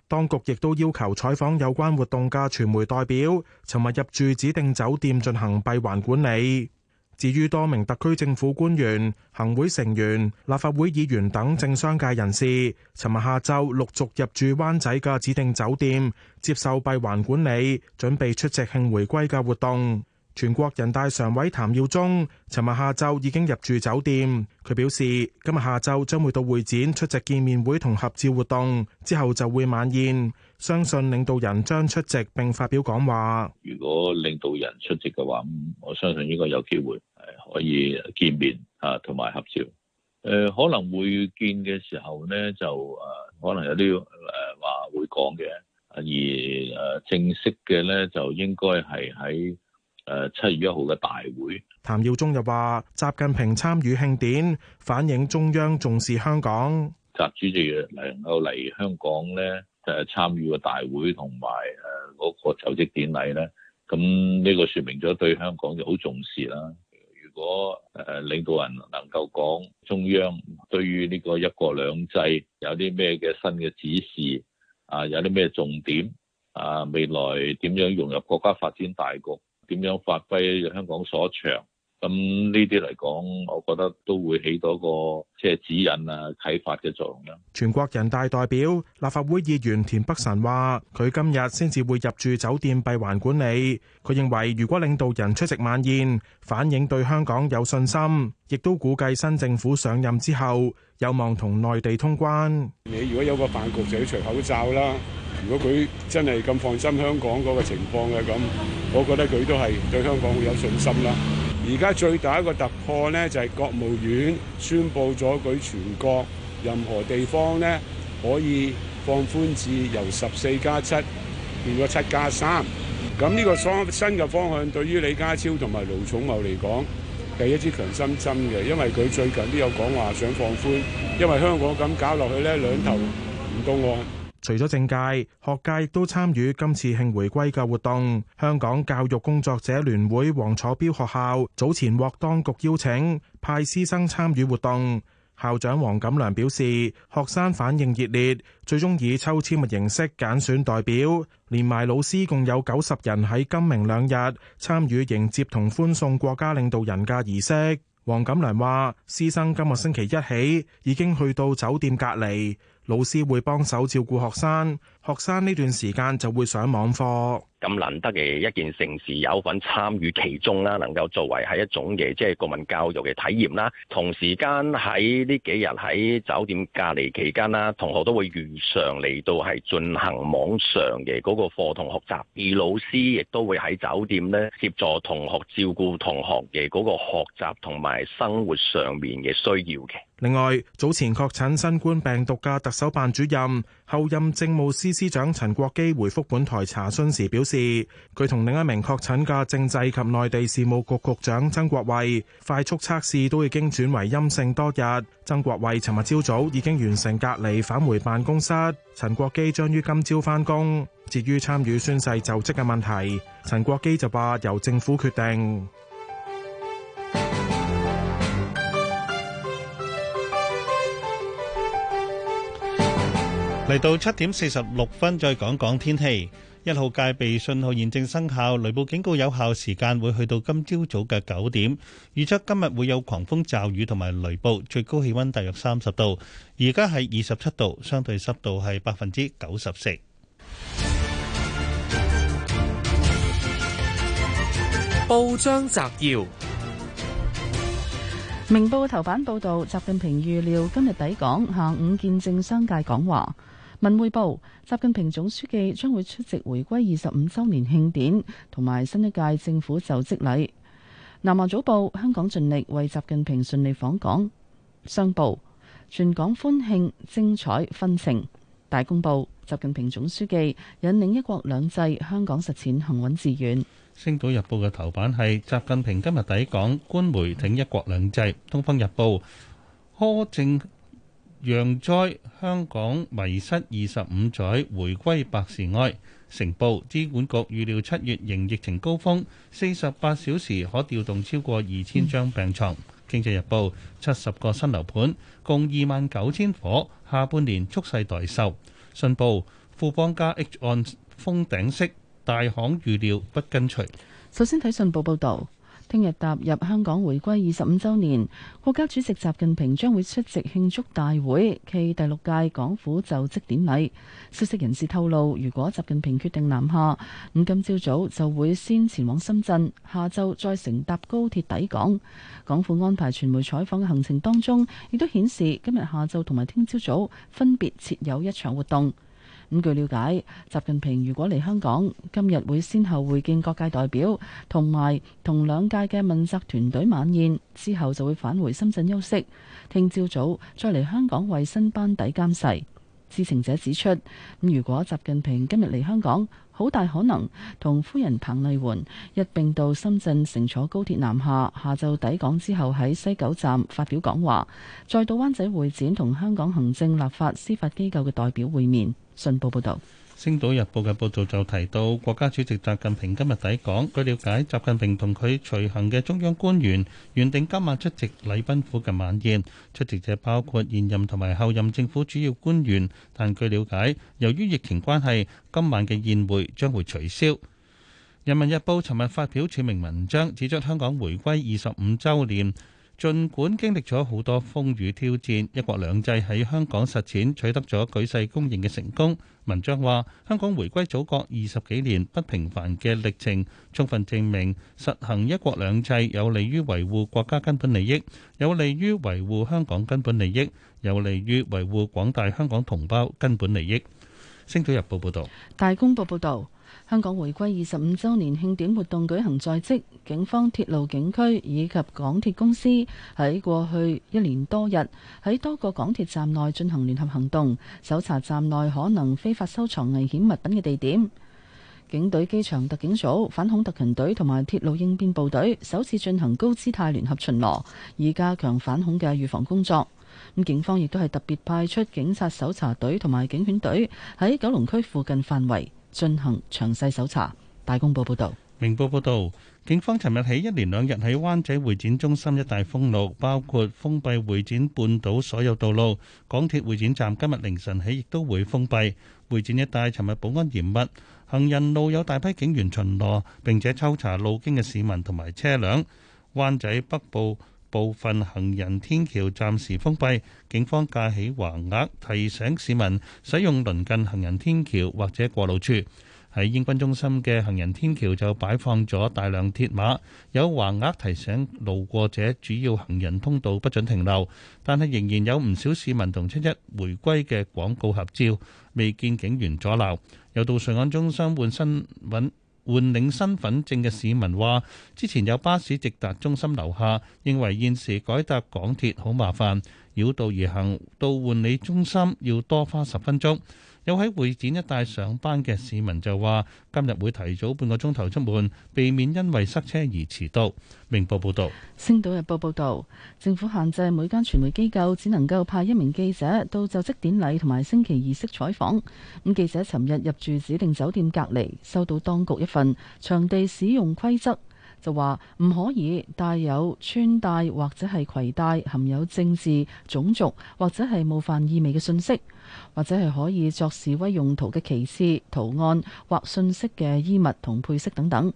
當局亦都要求採訪有關活動嘅傳媒代表，尋日入住指定酒店進行閉環管理。至於多名特區政府官員、行會成員、立法會議員等政商界人士，尋日下晝陸續入住灣仔嘅指定酒店，接受閉環管理，準備出席慶回歸嘅活動。全國人大常委譚耀宗尋日下晝已經入住酒店，佢表示今日下晝將會到會展出席見面會同合照活動，之後就會晚宴。相信領導人將出席並發表講話。如果領導人出席嘅話，我相信應該有機會係可以見面啊，同埋合照。誒，可能會見嘅時候呢，就誒可能有啲誒話會講嘅。而誒正式嘅呢，就應該係喺誒七月一號嘅大會。譚耀宗又話：習近平參與慶典，反映中央重視香港。習主席能夠嚟香港呢。誒參與個大會同埋誒嗰個就職典禮咧，咁呢個説明咗對香港就好重視啦。如果誒領導人能夠講中央對於呢個一國兩制有啲咩嘅新嘅指示啊，有啲咩重點啊，未來點樣融入國家發展大局，點樣發揮香港所長？咁呢啲嚟講，我覺得都會起到個即係指引啊、啟發嘅作用啦。全國人大代表、立法會議員田北辰話，佢今日先至會入住酒店閉環管理。佢認為，如果領導人出席晚宴，反映對香港有信心，亦都估計新政府上任之後有望同內地通關。你如果有個飯局就要除口罩啦。如果佢真係咁放心香港嗰個情況嘅，咁我覺得佢都係對香港會有信心啦。而家最大一個突破呢，就係、是、國務院宣布咗佢全國任何地方呢，可以放寬至由十四加七變咗七加三。咁呢個方新嘅方向，對於李家超同埋盧寵茂嚟講，係一支強心針嘅，因為佢最近都有講話想放寬，因為香港咁搞落去呢，兩頭唔到岸。除咗政界、學界亦都參與今次慶回歸嘅活動。香港教育工作者聯會黃楚標學校早前獲當局邀請，派師生參與活動。校長黃錦良表示，學生反應熱烈，最終以抽籤嘅形式揀選代表，連埋老師共有九十人喺今明兩日參與迎接同歡送國家領導人嘅儀式。黃錦良話：師生今日星期一起已經去到酒店隔離。老師會幫手照顧學生，學生呢段時間就會上網課。咁難得嘅一件盛事，有份參與其中啦，能夠作為係一種嘅即係國民教育嘅體驗啦。同時間喺呢幾日喺酒店隔離期間啦，同學都會如常嚟到係進行網上嘅嗰個課堂學習，而老師亦都會喺酒店咧協助同學照顧同學嘅嗰個學習同埋生活上面嘅需要嘅。另外，早前確診新冠病毒嘅特首辦主任、候任政務司司長陳國基回覆本台查詢時表。事，佢同另一名確診嘅政制及內地事務局局長曾國衛快速測試都已經轉為陰性多日。曾國衛尋日朝早已經完成隔離，返回辦公室。陳國基將於今朝翻工。至於參與宣誓就職嘅問題，陳國基就話由政府決定。嚟到七點四十六分，再講講天氣。一號戒備信號現正生效，雷暴警告有效時間會去到今朝早嘅九點。預測今日會有狂風驟雨同埋雷暴，最高氣溫大約三十度，而家喺二十七度，相對濕度係百分之九十四。報章摘要：明報頭版報道，習近平預料今日抵港，下午見證商界講話。文匯報：習近平總書記將會出席回歸二十五周年慶典同埋新一屆政府就職禮。南華早報：香港盡力為習近平順利訪港。商報：全港歡慶，精彩紛呈。大公報：習近平總書記引領一國兩制，香港實踐行穩致遠。星島日報嘅頭版係習近平今日抵港，官媒挺一國兩制。東方日報：柯正。洋災，香港迷失二十五載，回歸百事哀。成報，資管局預料七月仍疫情高峰，四十八小時可調動超過二千張病床。嗯、經濟日報，七十個新樓盤，共二萬九千伙，下半年蓄勢待售。信報，富邦加 H 案封頂息，大行預料不跟隨。首先睇信報報道。聽日踏入香港回歸二十五周年，國家主席習近平將會出席慶祝大會暨第六屆港府就職典禮。消息人士透露，如果習近平決定南下，咁今朝早就會先前往深圳，下晝再乘搭高鐵抵港。港府安排傳媒採訪嘅行程當中，亦都顯示今日下晝同埋聽朝早分別設有一場活動。咁，嗯，據了解，習近平如果嚟香港，今日會先後會見各界代表，同埋同兩屆嘅問責團隊晚宴，之後就會返回深圳休息，聽朝早再嚟香港為新班底監誓。知情者指出，如果習近平今日嚟香港，好大可能同夫人彭麗媛一併到深圳乘坐高鐵南下，下晝抵港之後喺西九站發表講話，再到灣仔會展同香港行政、立法、司法機構嘅代表會面。信報報道。《星島日報》嘅報道就提到，國家主席習近平今日抵港。據瞭解，習近平同佢隨行嘅中央官員原定今晚出席禮賓府嘅晚宴，出席者包括現任同埋後任政府主要官員。但據瞭解，由於疫情關係，今晚嘅宴會將會取消。《人民日報》尋日發表署名文章，指出香港回歸二十五週年。盡管經歷咗好多風雨挑戰，一國兩制喺香港實踐取得咗舉世公認嘅成功。文章話，香港回歸祖國二十幾年不平凡嘅歷程，充分證明實行一國兩制有利於維護國家根本利益，有利於維護香港根本利益，有利於維護廣大香港同胞根本利益。星島日報報道，大公報報道。香港回歸二十五周年慶典活動舉行在即，警方、鐵路警區以及港鐵公司喺過去一年多日喺多個港鐵站內進行聯合行動，搜查站內可能非法收藏危險物品嘅地點。警隊、機場特警組、反恐特勤隊同埋鐵路應變部隊首次進行高姿態聯合巡邏，以加強反恐嘅預防工作。咁，警方亦都係特別派出警察搜查隊同埋警犬隊喺九龍區附近範圍。進行詳細搜查。大公報報道，明報報道，警方尋日起一連兩日喺灣仔會展中心一帶封路，包括封閉會展半島所有道路。港鐵會展站今日凌晨起亦都會封閉。會展一帶尋日保安嚴密，行人路有大批警員巡邏，並且抽查路經嘅市民同埋車輛。灣仔北部。部分行人天橋暫時封閉，警方架起橫額提醒市民使用鄰近行人天橋或者過路處。喺英軍中心嘅行人天橋就擺放咗大量鐵馬，有橫額提醒路過者主要行人通道不准停留。但係仍然有唔少市民同七一回歸嘅廣告合照，未見警員阻撓。又到渡船港中心換新聞。換領身份證嘅市民話，之前有巴士直達中心樓下，認為現時改搭港鐵好麻煩，繞道而行到換領中心要多花十分鐘。有喺會展一帶上班嘅市民就話，今日會提早半個鐘頭出門，避免因為塞車而遲到。明報報道，星島日報報道，政府限制每間傳媒機構只能夠派一名記者到就職典禮同埋升旗儀式採訪。咁記者尋日入住指定酒店隔離，收到當局一份場地使用規則，就話唔可以帶有穿戴或者係攜帶含有政治、種族或者係冒犯意味嘅信息。或者係可以作示威用途嘅旗幟、圖案或信息嘅衣物同配飾等等。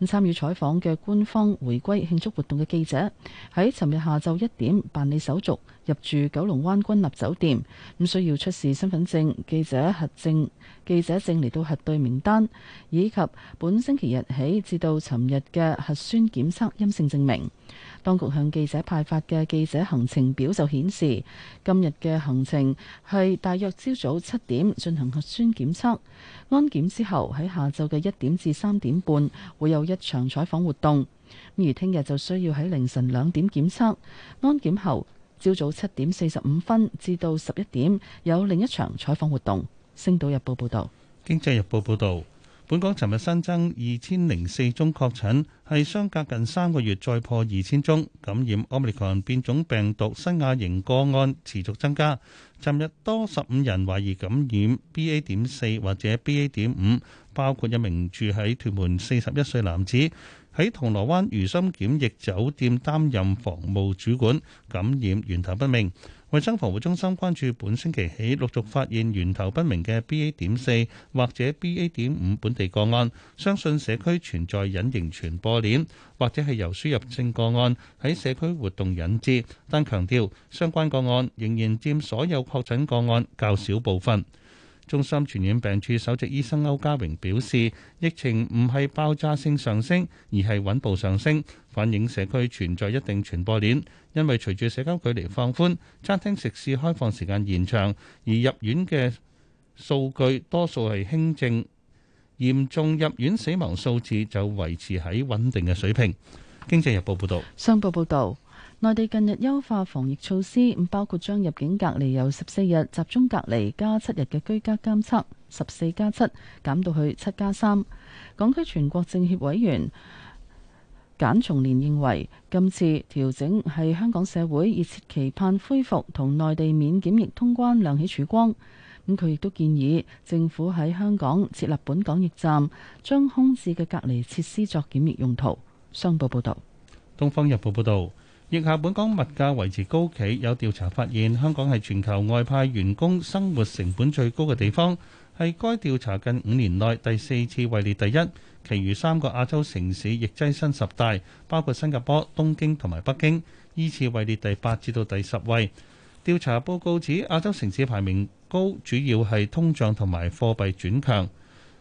咁參與採訪嘅官方回歸慶祝活動嘅記者，喺尋日下晝一點辦理手續。入住九龍灣君立酒店，咁需要出示身份證、記者核證、記者證嚟到核對名單，以及本星期日起至到尋日嘅核酸檢測陰性證明。當局向記者派發嘅記者行程表就顯示，今日嘅行程係大約朝早七點進行核酸檢測，安檢之後喺下晝嘅一點至三點半會有一場採訪活動。而聽日就需要喺凌晨兩點檢測，安檢後，朝早七點四十五分至到十一點有另一場採訪活動。星島日報報道：經濟日報報道，本港尋日新增二千零四宗確診，係相隔近三個月再破二千宗。感染 Omicron 變種病毒新亞型個案持續增加，尋日多十五人懷疑感染 BA 點四或者 BA 點五，包括一名住喺屯門四十一歲男子。喺銅鑼灣如心檢疫酒店擔任防務主管，感染源頭不明。衞生防護中心關注本星期起陸續發現源頭不明嘅 BA. 點四或者 BA. 點五本地個案，相信社區存在隱形傳播鏈，或者係由輸入性個案喺社區活動引致，但強調相關個案仍然佔所有確診個案較少部分。中心傳染病處首席醫生歐家榮表示，疫情唔係爆炸性上升，而係穩步上升，反映社區存在一定傳播鏈。因為隨住社交距離放寬，餐廳食肆開放時間延長，而入院嘅數據多數係輕症，嚴重入院死亡數字就維持喺穩定嘅水平。經濟日報報道，商報報道。內地近日優化防疫措施，包括將入境隔離由十四日集中隔離加七日嘅居家監測十四加七減到去七加三。港區全國政協委員簡松年認為，今次調整係香港社會熱切期盼恢復同內地免檢疫通關亮起曙光。咁佢亦都建議政府喺香港設立本港驛站，將空置嘅隔離設施作檢疫用途。商報報導，《東方日報》報道。疫下本港物價維持高企，有調查發現香港係全球外派員工生活成本最高嘅地方，係該調查近五年內第四次位列第一。其餘三個亞洲城市亦躋身十大，包括新加坡、東京同埋北京，依次位列第八至到第十位。調查報告指亞洲城市排名高，主要係通脹同埋貨幣轉強。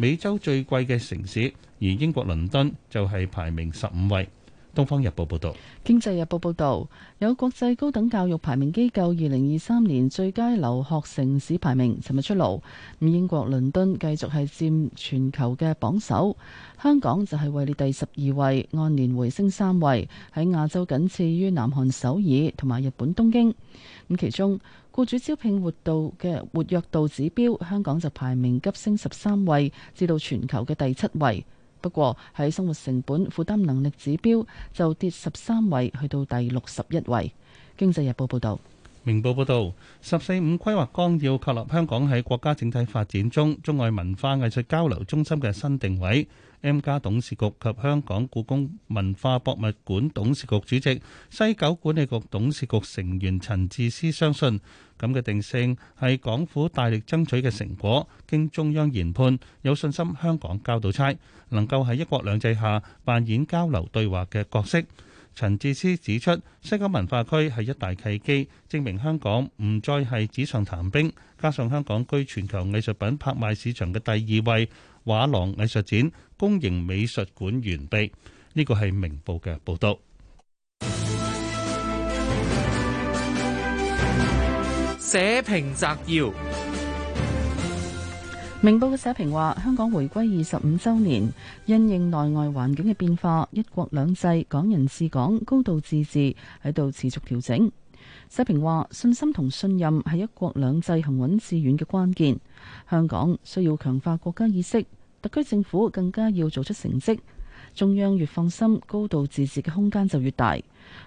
美洲最貴嘅城市，而英國倫敦就係排名十五位。《東方日報》報道，《經濟日報》報道有國際高等教育排名機構二零二三年最佳留學城市排名，尋日出爐，英國倫敦繼續係佔全球嘅榜首，香港就係位列第十二位，按年回升三位，喺亞洲僅次於南韓首爾同埋日本東京。咁其中雇主招聘活動嘅活躍度指標，香港就排名急升十三位，至到全球嘅第七位。不過喺生活成本負擔能力指標就跌十三位，去到第六十一位。經濟日報報道，明報報道，十四五規劃綱要確立香港喺國家整體發展中中外文化藝術交流中心嘅新定位。M+ 董事局及香港故宮文化博物館董事局主席、西九管理局董事局成員陳智思相信，咁嘅定性係港府大力爭取嘅成果，經中央研判，有信心香港交到差，能夠喺一國兩制下扮演交流對話嘅角色。陳智思指出，西九文化區係一大契機，證明香港唔再係紙上談兵，加上香港居全球藝術品拍賣市場嘅第二位。畫廊藝術展、公營美術館完備，呢個係明報嘅報道。社評摘要：明報嘅社評話，香港回歸二十五周年，因應內外環境嘅變化，一國兩制、港人治港、高度自治喺度持續調整。社評話，信心同信任係一國兩制行穩致遠嘅關鍵，香港需要強化國家意識。特區政府更加要做出成績，中央越放心，高度自治嘅空間就越大。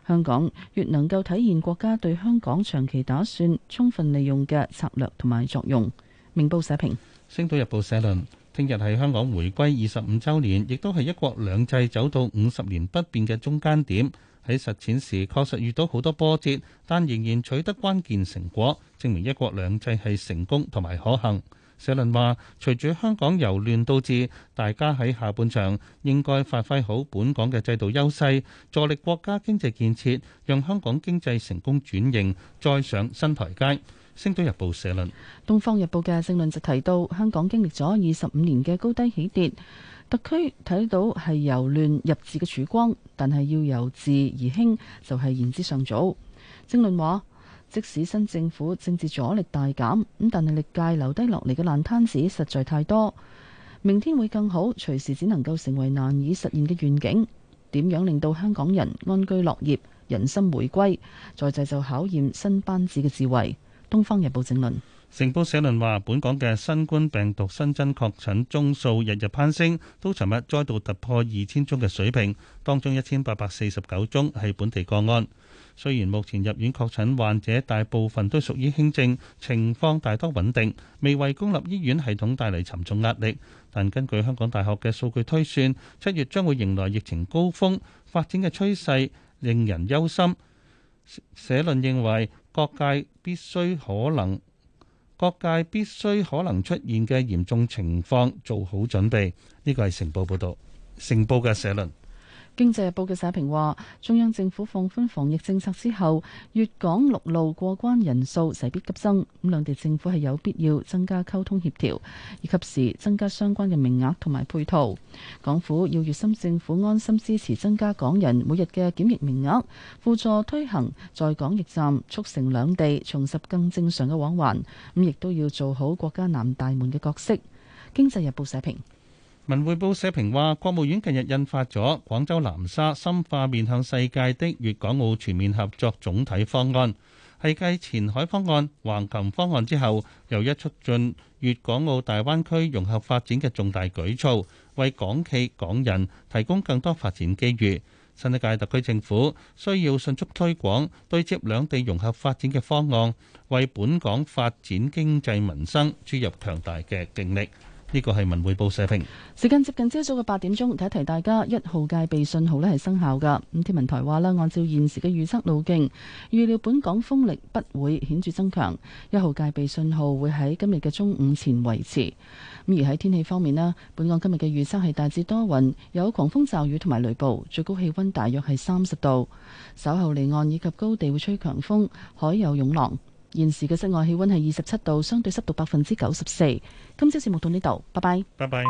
香港越能夠體現國家對香港長期打算，充分利用嘅策略同埋作用。明報社評，《星島日報》社論：聽日係香港回歸二十五週年，亦都係一國兩制走到五十年不變嘅中間點。喺實踐時確實遇到好多波折，但仍然取得關鍵成果，證明一國兩制係成功同埋可行。社論話，隨住香港由亂到治，大家喺下半場應該發揮好本港嘅制度優勢，助力國家經濟建設，讓香港經濟成功轉型，再上新台階。《星島日報》社論，《東方日報》嘅政論就提到，香港經歷咗二十五年嘅高低起跌，特區睇到係由亂入治嘅曙光，但係要由治而興，就係言之尚早。政論話。即使新政府政治阻力大減，咁但係歷屆留低落嚟嘅爛攤子實在太多。明天會更好，隨時只能夠成為難以實現嘅願景。點樣令到香港人安居樂業、人心回歸，再這就考驗新班子嘅智慧。《東方日報正論》社論。《成報》社論話：本港嘅新冠病毒新增確診宗數日日攀升，都尋日再度突破二千宗嘅水平，當中一千八百四十九宗係本地個案。雖然目前入院確診患者大部分都屬於輕症，情況大多穩定，未為公立醫院系統帶嚟沉重壓力。但根據香港大學嘅數據推算，七月將會迎來疫情高峰，發展嘅趨勢令人憂心。社論認為，各界必須可能，各界必須可能出現嘅嚴重情況做好準備。呢個係《成報》報導，《成報》嘅社論。經濟日報嘅社評話，中央政府放寬防疫政策之後，粵港陸路過關人數勢必急增，咁兩地政府係有必要增加溝通協調，以及時增加相關嘅名額同埋配套。港府要粵深政府安心支持，增加港人每日嘅檢疫名額，輔助推行在港驛站，促成兩地重拾更正常嘅往還。咁亦都要做好國家南大門嘅角色。經濟日報社評。文匯報社評話，國務院近日印發咗廣州南沙深化面向世界的粵港澳全面合作總體方案，係繼前海方案、橫琴方案之後，又一促進粵港澳大灣區融合發展嘅重大舉措，為港企港人提供更多發展機遇。新一屆特區政府需要迅速推廣對接兩地融合發展嘅方案，為本港發展經濟民生注入強大嘅勁力。呢個係文匯報社評。時間接近朝早嘅八點鐘，提一提大家，一號戒備信號呢係生效㗎。咁天文台話呢，按照現時嘅預測路徑，預料本港風力不會顯著增強，一號戒備信號會喺今日嘅中午前維持。咁而喺天氣方面呢，本港今日嘅預測係大致多雲，有狂風驟雨同埋雷暴，最高氣温大約係三十度。稍後離岸以及高地會吹強風，海有湧浪。現時嘅室外氣溫係二十七度，相對濕度百分之九十四。今朝節目到呢度，拜拜。拜拜。